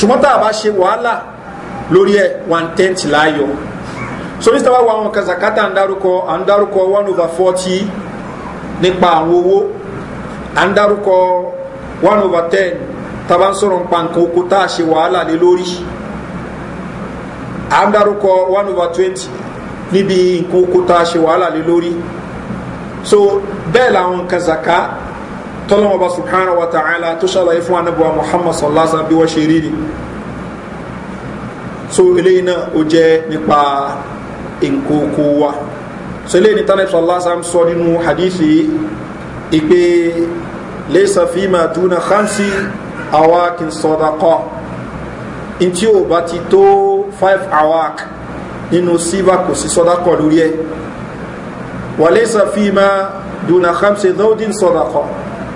ṣùgbọ́n tá a bá ṣe wàhálà lórí ẹ̀ one tenth láàyò so ní sábà wà àwọn kazakata ń dárúkọ à ń dárúkọ one over forty nípa àwọn owó à ń dárúkọ one over ten tá a bá ń sọ̀rọ̀ nípa nǹkan oko tá a ṣe wàhálà lé lórí à ń dárúkọ one over twenty níbi nǹkan oko tá a ṣe wàhálà lé lórí so bẹ́ẹ̀ làwọn kazaka tọ́lọ́mọba subhanahu wa ta'ala tó ṣàlàyé fún anábọ̀wá muhammad sallallahu alaihi wa sallam bí wọ́n ṣe rí ni so eléyìí náà ó jẹ́ nípa nkókó wa so eléyìí ní tánàbí sallallahu alaihi wa sallam sọ nínú hadithi ipe lẹ́sà fíìmà dúnà khamsi awakin sadaqa ntí ò bá ti tó five awak nínú silver kò sí sadaqa lórí ẹ̀ wà lẹ́sà fíìmà dúnà khamsi dọ́ọ̀dín sadaqa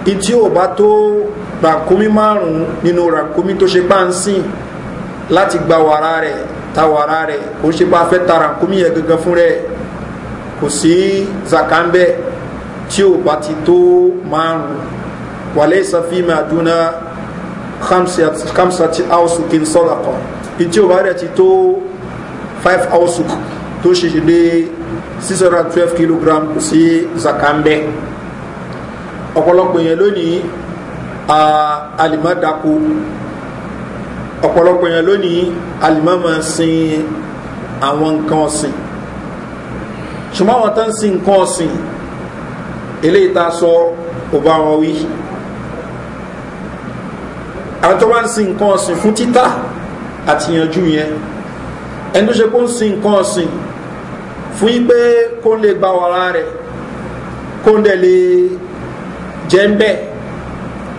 ìtí ò bá tó ràkúmí márùn-ún nínú ràkúmí tó ṣe bá ń sìn láti gba wàrà rẹ̀ ta wàrà rẹ̀ kò ṣe bá fẹ́ ta ràkúmí yẹn gangan fún rẹ̀ kò sí zaka ń bẹ́ tí ò bá ti tó márùn-ún wàlẹ́ ìsàfihàn àdúná khamsati ausukin sọ́dàkọ̀ ìtí ò bá rẹ̀ ti tó five ausuk tó ṣe ṣe dé six hundred and twelve kilogram kò sí zaka ọ̀pọ̀lọpọ̀ yẹn lónìí alimadaku ọ̀pọ̀lọpọ̀ yẹn lónìí alimama sin àwọn nǹkan ọ̀sìn ṣùgbọ́n àwọn tó ń sin nǹkan ọ̀sìn eléyìí tá a sọ kò bá wọn wí àwọn tó bá ń sin nǹkan ọ̀sìn fún títà àtìyànjú yẹn ẹni tó ṣe kó ń sin nǹkan ọ̀sìn fún yí pé kó lè gba wàrà rẹ̀ kó lè lè jẹ́ ń bẹ́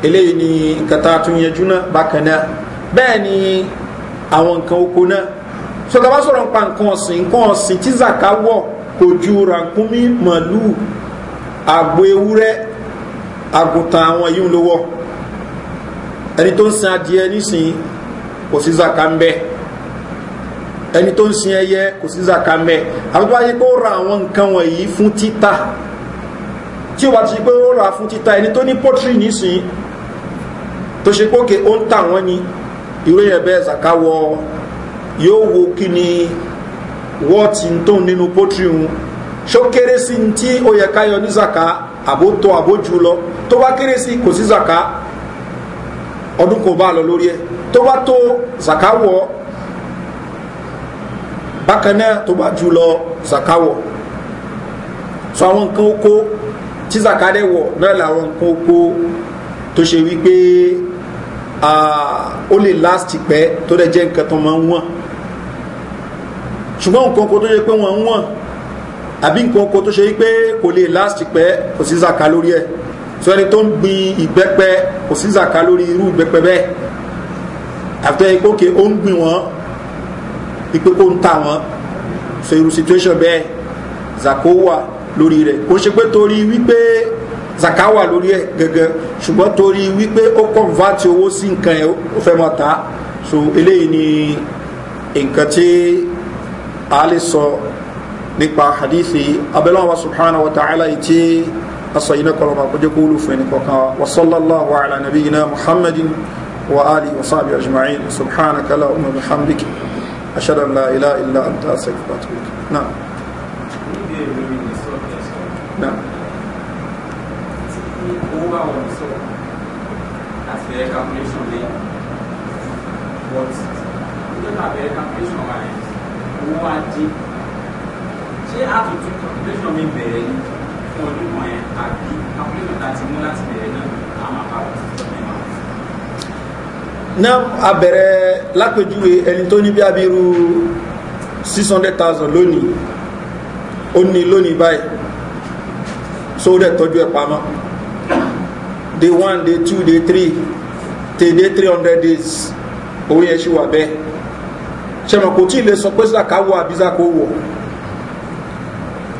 eléyìí ni nǹkan tá a tún yẹjú náà bákan náà bẹ́ẹ̀ ni àwọn nǹkan oko náà sọ̀tà bá sọ̀rọ̀ nípa nǹkan ọ̀sìn nǹkan ọ̀sìn tí zaka wọ̀ kò ju ràkúnmí màálù àgbo ewúrẹ́ àgùntàn àwọn yìí ń lówọ́ ẹni tó ń sin adìẹ nísìnyí kò sí zaka ń bẹ́ẹ̀ ẹni tó ń sin ẹyẹ kò sí zaka mẹ àwọn tó bá yẹ kó ra àwọn nǹkan wọ̀nyí fún títà tí ó bá ti pé ó rà fún títa ẹni tó ní pọ́tírì nísìn tó ṣe pókè ó ń tà wọ́n ni ìwé yẹn bẹ́ẹ̀ zaka wọ yóò wo kí ni wọ́ọ̀tì tó ń nínú pọ́tírì wọn ṣó kéré sí ní tí ó yẹ káyọ ní zaka àbótọ́ àbójú lọ tó bá kéré sí kò sí zaka ọdún kò bá lọ lórí ẹ tó bá tó zaka wọ bákan náà tó bá jù lọ zaka wọ so àwọn nǹkan ó kó tí zakadẹ wọ náà làwọn nǹkan oko tó ṣe wípé ó lè láti pẹ́ tó dẹ̀ jẹ́ nǹkan tó máa ń wọ̀n ṣùgbọ́n nǹkan oko tó ṣe pé wọ́n ń wọ̀n àbí nǹkan oko tó ṣe wípé kò lè láti pẹ́ kò sí zaka lórí ẹ̀ tó ẹni tó ń gbin ìgbẹ́pẹ kò sí zaka lórí irú ìgbẹ́pẹ bẹ́ẹ̀ àfitẹ́ ipò òkè ó ń gbin wọ́n ipò kó ń ta wọ́n so irú situation bẹ́ẹ̀ zaka wà lórí rẹ̀ kò ṣe pé torí wípé zaka wà lórí ẹ̀ gẹ́gẹ́ ṣùgbọ́n torí wípé ó kọ̀nvátì owó sí nǹkan ẹ̀ ó fẹ́ mọ̀ ta so eléyìí ni nǹkan tí a lè sọ nípa hadithi abẹ́lẹ́wọ̀n subhanahu wa ta'ala yìí tí a sọ yìí náà kọ́ lọ́ba kó jẹ́ fún ẹnì kọ̀ọ̀kan wa sallallahu ala nabi nabiyina muhammadin wa ali wa sahbi ajma'in subhanaka la umma bihamdik ashhadu an la ilaha illa anta astaghfiruka wa atubu over on its own. That's the calculation there. But we don't have a calculation wise. Over D. Ṣé àtúntò calculation mi bẹ̀rẹ̀ ni fún ọdún kan yẹn calculation láti mú láti bẹ̀rẹ̀ náà a máa bá wọn náà ẹni tó ní abiru six hundred thousand lónìí ó ní lónìí báyìí sóòdẹ̀ tọ́jú ẹ̀ pamọ́ day one day two day three till day three hundred days owó yẹn ṣì wà bẹ́ẹ̀ ṣẹ̀mọ̀ kò tí ì lè sọ pé zaka wọ àbí zaka ó wọ̀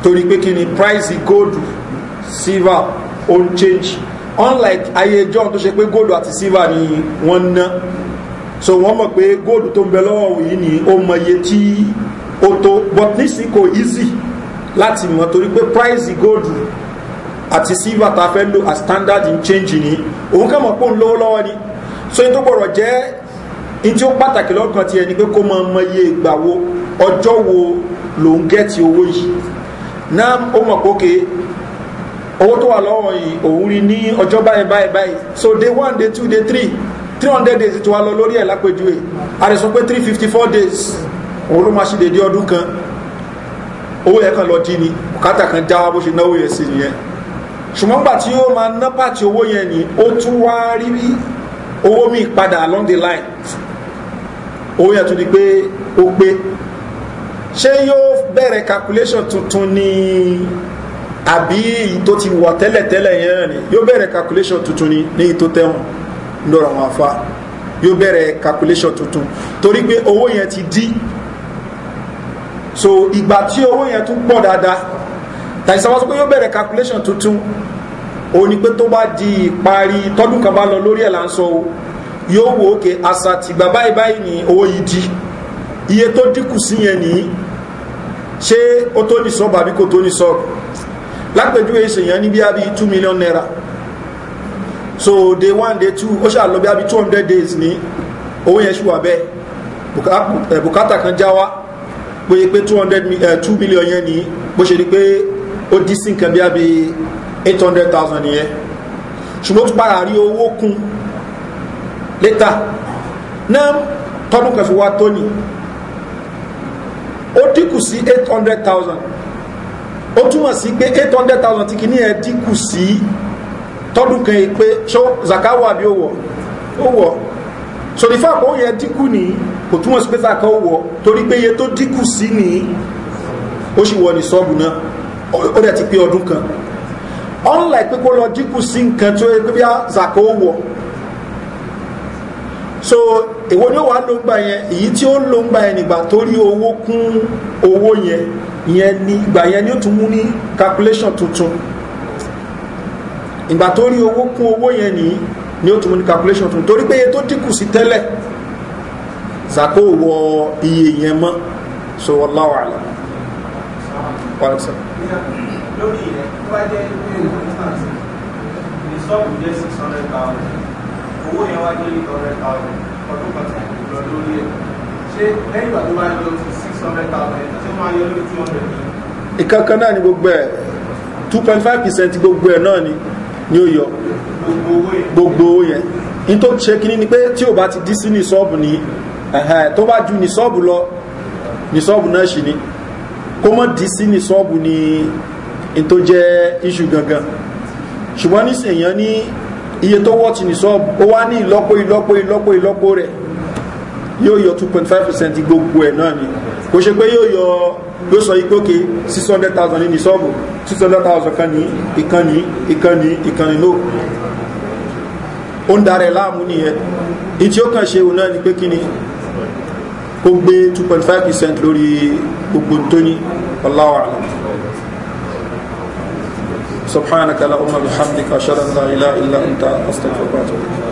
torí pé kí ni price gold silver ó change unlike ayé john tó ṣe pé gold àti silver ni wọ́n ná so wọ́n mọ̀ pé gold tó ń bẹ lọ́wọ́ yìí ni ó mọ iye tí ó tó but nísìnyí kò easy láti mọ̀ torí pé price gold àti silver ta fẹ́ lò as standard in change ni òun kàn mọ̀ pé òun lówó lọ́wọ́ ni so yín tó gbọ́dọ̀ jẹ́ yín tí ó pàtàkì lọ́kàn tiẹ̀ ni pé kó mọ mọ iye ìgbà wo ọjọ́ wo lòun gẹ́ẹ̀tì owó yìí náà ó mọ̀ pé òkè owó tó wà lọ́wọ́ yìí òun rí ní ọjọ́ báyìí báyìí báyìí so day one day two day three three hundred days tí wàá lọ lórí ẹ̀ lápèjúwe àrẹ̀sọ pé three fifty four days òun ló máa ṣe dédé ọdún kan owó yẹn kan lọ jí ni bùkátà kan já wa bó ṣe náwó yẹn sí nìyẹn ṣùgbọ́n gbà tí ó máa ná pàtí owó yẹn ni ó tún wá rí owó mi padà along the line owó yẹn tún di pé ó pé ṣé yóò bẹ̀rẹ̀ calculation tuntun ni àbí èyí tó ti wọ̀ tẹ́lẹ̀tẹ́lẹ̀ yẹn ni yóò bẹ̀rẹ̀ calculation tuntun ni ní èyí tó lọ́rọ̀ àwọn afá yóò bẹ̀rẹ̀ calculation tuntun torí pé owó yẹn ti dí so ìgbà tí owó yẹn tún pọ̀ dáadáa tàìsàn wọn sọ pé yóò bẹ̀rẹ̀ calculation tuntun ó ní pé tó bá di ìparí tọ́dún kan bá lọ lórí ẹ̀ là ń sọ o yóò wò ókè àṣà tìgbà báyìí báyìí ní owó yìí di iye tó dínkù sí yẹn nìyí ṣé ó tó ní sọ́ọ̀bù àbí kò tó ní sọ́ọ̀bù lápèjúwe ìṣèyàn ní bí a two million naira so day one day two ó ṣàlọ́ bí a two hundred days ní owó yẹn ṣì wà bẹ́ẹ̀ eh, bùkátà kan já wa pé pé two hundred eh, two million yẹn ní bó ṣe di pé ó dín sí nǹkan bí abi eight hundred thousand nìyẹn ṣùgbọ́n ó tún padà rí owó kún létà náà tọdún kan fi wá tóní ó dínkù sí eight hundred thousand ó túmọ̀ sí pé eight hundred thousand tí kìíní ẹ̀ dínkù sí tọdún kan yìí pé ṣó zakawa bí ó wọ̀ ó wọ̀ sòdífà kò yẹ dínkù nìyí kò túmọ̀ sí pé zaka ó wọ̀ torí pé iye tó dínkù sí nìyí ó sì wọ̀ ní sọ́ọ̀bù náà ó dẹ̀ ti pé ọdún kan unlike pé kó lọ dínkù sí nǹkan tó yẹ bí zaka ó wọ̀ so èwo ni ó wàá ló yẹn èyí tí ó ń ló yẹn nígbà tó rí owó kún owó yẹn ìyẹn ni ìgbà yẹn ni ó tún mú ní calculation tuntun ìgbà tó rí owó kún owó yẹn nìyí ni ó tún mú ní calculation tuntun torí pé iye tó dínkù sí tẹ́lẹ̀ zaka wọ iye yẹn mọ́ so wallahu alam Qual é o seu? tó bá jẹ́ ìwé ìwé instance ní sọ́ọ̀bù jẹ́ six hundred thousand owó yẹn wá jẹ́ eight hundred thousand ọdún kan tí a lọ lórí ẹ̀ ṣé lẹ́yìn ìgbà tó bá yọ sí six hundred thousand ẹ̀ ṣé máa yọ lórí two hundred thousand. ìkankan náà ni gbogbo ẹ̀ two point five percent gbogbo ẹ̀ náà ni ni ó yọ gbogbo owó yẹn ní tó ṣe kíní ni pé tí ò bá ti dí sí ní sọ́ọ̀bù ní tó bá ju ní sọ́ọ̀bù lọ ní sọ́ọ̀bù náà ṣì ni kó mọ́ ní sọ́ọ̀bù ni in tó jẹ́ iṣu gangan ṣùgbọ́n nísìnyàn ní iye tó wọ́ọ̀tì ní sọ́ọ̀bù ó wá ní ìlọ́po ìlọ́po ìlọ́po ìlọ́po rẹ̀ yóò yọ 2.5% gbogbo ẹ̀ náà ni kò ṣe pé yóò yọ yóò sọ igbóke 600,000 ní ní sọ́ọ̀bù 600,000 kan ní ìkànnì ìkànnì ìkànnì ló ó ń darẹ̀ láàmú nìyẹn ìtí ó kàn ṣe òun náà ni pé kí ni kó gbé two percent lórí gbogbo tó ní wallahu a'lam. سبحانك اللهم بحمدك اشهد ان لا اله الا انت